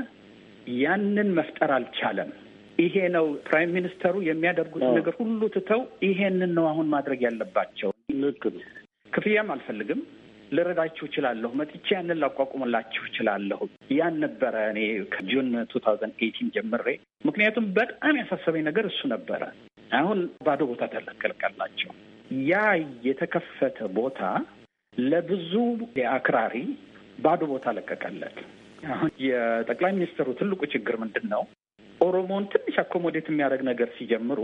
ያንን መፍጠር አልቻለም። ይሄ ነው ፕራይም ሚኒስተሩ የሚያደርጉት ነገር ሁሉ ትተው ይሄንን ነው አሁን ማድረግ ያለባቸው። ልክ ነው። ክፍያም አልፈልግም፣ ልረዳችሁ እችላለሁ፣ መጥቼ ያንን ላቋቁምላችሁ እችላለሁ። ያን ነበረ እኔ ከጁን ቱ ታውዘንድ ኤይቲን ጀምሬ፣ ምክንያቱም በጣም ያሳሰበኝ ነገር እሱ ነበረ። አሁን ባዶ ቦታ ተለቀልቀላቸው ያ የተከፈተ ቦታ ለብዙ የአክራሪ ባዶ ቦታ ለቀቀለት። አሁን የጠቅላይ ሚኒስትሩ ትልቁ ችግር ምንድን ነው? ኦሮሞን ትንሽ አኮሞዴት የሚያደርግ ነገር ሲጀምሩ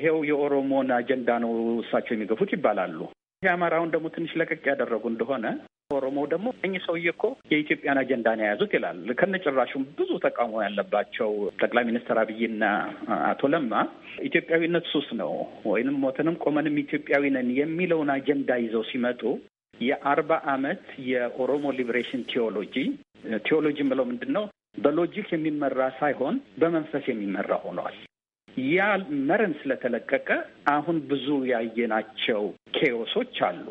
ይሄው የኦሮሞን አጀንዳ ነው እሳቸው የሚገፉት ይባላሉ። የአማራውን ደግሞ ትንሽ ለቀቅ ያደረጉ እንደሆነ ኦሮሞ ደግሞ እኚህ ሰውዬ እኮ የኢትዮጵያን አጀንዳ ነው የያዙት ይላል። ከነጭራሹም ብዙ ተቃውሞ ያለባቸው ጠቅላይ ሚኒስትር አብይና አቶ ለማ ኢትዮጵያዊነት ሱስ ነው ወይንም ሞተንም ቆመንም ኢትዮጵያዊ ነን የሚለውን አጀንዳ ይዘው ሲመጡ የአርባ አመት የኦሮሞ ሊብሬሽን ቴዎሎጂ ቴዎሎጂ ብለው ምንድን ነው በሎጂክ የሚመራ ሳይሆን በመንፈስ የሚመራ ሆኗል። ያ መረን ስለተለቀቀ አሁን ብዙ ያየናቸው ኬዮሶች አሉ።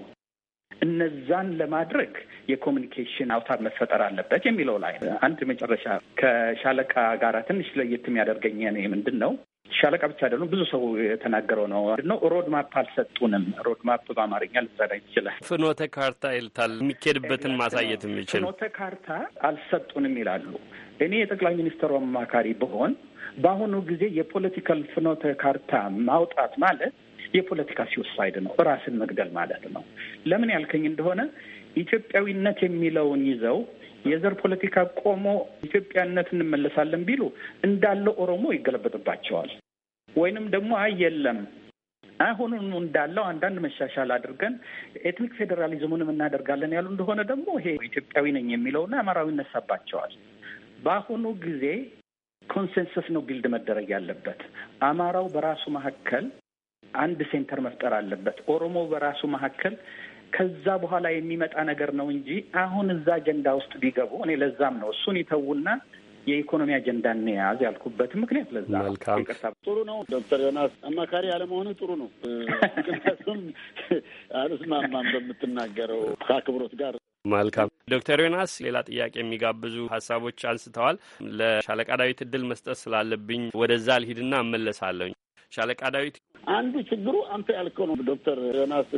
እነዛን ለማድረግ የኮሚኒኬሽን አውታር መፈጠር አለበት የሚለው ላይ አንድ መጨረሻ ከሻለቃ ጋር ትንሽ ለየት የሚያደርገኝ ምንድን ነው ሻለቃ ብቻ አይደሉም። ብዙ ሰው የተናገረው ነው ነው ሮድ ማፕ አልሰጡንም። ሮድ ማፕ በአማርኛ ልዘጋጅ ይችላል። ፍኖተ ካርታ ይልታል። የሚኬድበትን ማሳየት የሚችል ፍኖተ ካርታ አልሰጡንም ይላሉ። እኔ የጠቅላይ ሚኒስትሩ አማካሪ ብሆን በአሁኑ ጊዜ የፖለቲካል ፍኖተ ካርታ ማውጣት ማለት የፖለቲካ ሲውሳይድ ነው፣ ራስን መግደል ማለት ነው። ለምን ያልከኝ እንደሆነ ኢትዮጵያዊነት የሚለውን ይዘው የዘር ፖለቲካ ቆሞ ኢትዮጵያነት እንመለሳለን ቢሉ እንዳለ ኦሮሞ ይገለበጥባቸዋል። ወይንም ደግሞ አይ የለም አሁኑኑ እንዳለው አንዳንድ መሻሻል አድርገን ኤትኒክ ፌዴራሊዝሙንም እናደርጋለን ያሉ እንደሆነ ደግሞ ይሄ ኢትዮጵያዊ ነኝ የሚለውና አማራዊ ይነሳባቸዋል። በአሁኑ ጊዜ ኮንሰንሰስ ነው ቢልድ መደረግ ያለበት። አማራው በራሱ መካከል አንድ ሴንተር መፍጠር አለበት። ኦሮሞ በራሱ መካከል ከዛ በኋላ የሚመጣ ነገር ነው እንጂ አሁን እዛ አጀንዳ ውስጥ ቢገቡ እኔ ለዛም ነው እሱን ይተዉና የኢኮኖሚ አጀንዳ እንያዝ ያልኩበት ምክንያት ለዛ ይቅርታ። ጥሩ ነው ዶክተር ዮናስ አማካሪ አለመሆኑ ጥሩ ነው። ምክንያቱም አልስማማም በምትናገረው ከአክብሮት ጋር። መልካም ዶክተር ዮናስ ሌላ ጥያቄ የሚጋብዙ ሀሳቦች አንስተዋል። ለሻለቃ ዳዊት እድል መስጠት ስላለብኝ ወደዛ ልሂድና እመለሳለሁ። ሻለቃ ዳዊት፣ አንዱ ችግሩ አንተ ያልከው ነው ዶክተር ዮናስ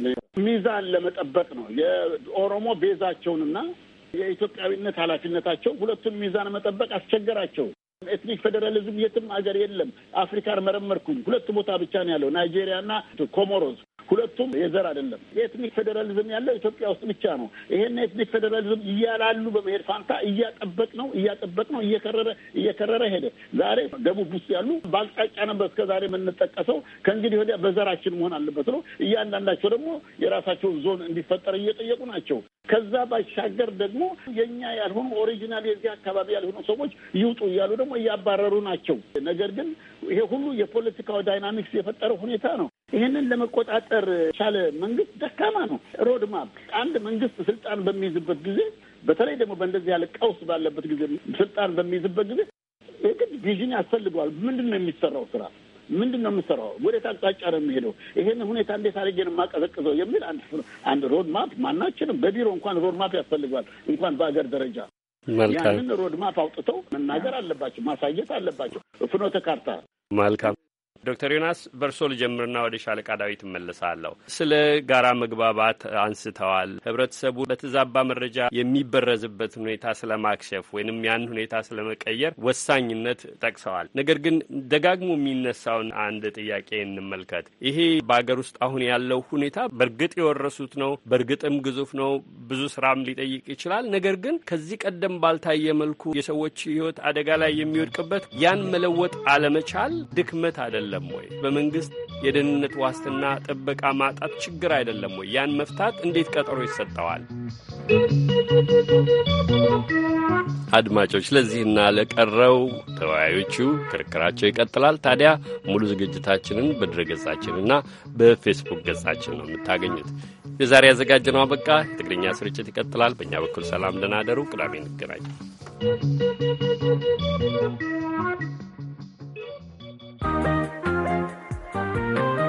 ሚዛን ለመጠበቅ ነው። የኦሮሞ ቤዛቸውንና የኢትዮጵያዊነት ኃላፊነታቸው ሁለቱን ሚዛን መጠበቅ አስቸገራቸው። ኤትኒክ ፌዴራሊዝም የትም ሀገር የለም። አፍሪካን መረመርኩኝ። ሁለት ቦታ ብቻ ነው ያለው፣ ናይጄሪያና ኮሞሮስ። ሁለቱም የዘር አይደለም። የኤትኒክ ፌዴራሊዝም ያለው ኢትዮጵያ ውስጥ ብቻ ነው። ይሄን ኤትኒክ ፌዴራሊዝም እያላሉ በመሄድ ፋንታ እያጠበቅ ነው እያጠበቅ ነው እየከረረ እየከረረ ሄደ። ዛሬ ደቡብ ውስጥ ያሉ በአቅጣጫ ነበር እስከ ዛሬ የምንጠቀሰው ከእንግዲህ ወዲያ በዘራችን መሆን አለበት ነው። እያንዳንዳቸው ደግሞ የራሳቸውን ዞን እንዲፈጠር እየጠየቁ ናቸው። ከዛ ባሻገር ደግሞ የእኛ ያልሆኑ ኦሪጂናል የዚህ አካባቢ ያልሆኑ ሰዎች ይውጡ እያሉ ደግሞ እያባረሩ ናቸው። ነገር ግን ይሄ ሁሉ የፖለቲካው ዳይናሚክስ የፈጠረው ሁኔታ ነው። ይህንን ለመቆጣጠር ቻለ መንግስት ደካማ ነው። ሮድማፕ አንድ መንግስት ስልጣን በሚይዝበት ጊዜ በተለይ ደግሞ በእንደዚህ ያለ ቀውስ ባለበት ጊዜ ስልጣን በሚይዝበት ጊዜ የግድ ቪዥን ያስፈልገዋል። ምንድን ነው የሚሰራው ስራ? ምንድን ነው የምሰራው? ወዴት አቅጣጫ ነው የሚሄደው? ይሄን ሁኔታ እንዴት አድርጌ የማቀዘቅዘው? የሚል አንድ አንድ ሮድማፕ ማናችንም በቢሮ እንኳን ሮድማፕ ያስፈልገዋል፣ እንኳን በሀገር ደረጃ ያንን ሮድማፕ አውጥተው መናገር አለባቸው፣ ማሳየት አለባቸው። ፍኖተ ካርታ መልካም ዶክተር ዮናስ በእርሶ ልጀምርና ወደ ሻለቃ ዳዊት እመለሳለሁ። ስለ ጋራ መግባባት አንስተዋል። ህብረተሰቡ በተዛባ መረጃ የሚበረዝበት ሁኔታ ስለ ማክሸፍ ወይንም ያን ሁኔታ ስለ መቀየር ወሳኝነት ጠቅሰዋል። ነገር ግን ደጋግሞ የሚነሳውን አንድ ጥያቄ እንመልከት። ይሄ በሀገር ውስጥ አሁን ያለው ሁኔታ በእርግጥ የወረሱት ነው፣ በእርግጥም ግዙፍ ነው፣ ብዙ ስራም ሊጠይቅ ይችላል። ነገር ግን ከዚህ ቀደም ባልታየ መልኩ የሰዎች ህይወት አደጋ ላይ የሚወድቅበት ያን መለወጥ አለመቻል ድክመት አይደለም አይደለም ወይ? በመንግስት የደህንነት ዋስትና ጥበቃ ማጣት ችግር አይደለም ወይ? ያን መፍታት እንዴት ቀጠሮ ይሰጠዋል? አድማጮች፣ ለዚህና ለቀረው ተወያዮቹ ክርክራቸው ይቀጥላል። ታዲያ ሙሉ ዝግጅታችንን በድረ ገጻችንና በፌስቡክ ገጻችን ነው የምታገኙት። የዛሬ ያዘጋጀነው አበቃ። የትግርኛ ስርጭት ይቀጥላል። በእኛ በኩል ሰላም፣ ደህና እደሩ። ቅዳሜ እንገናኝ። Thank you.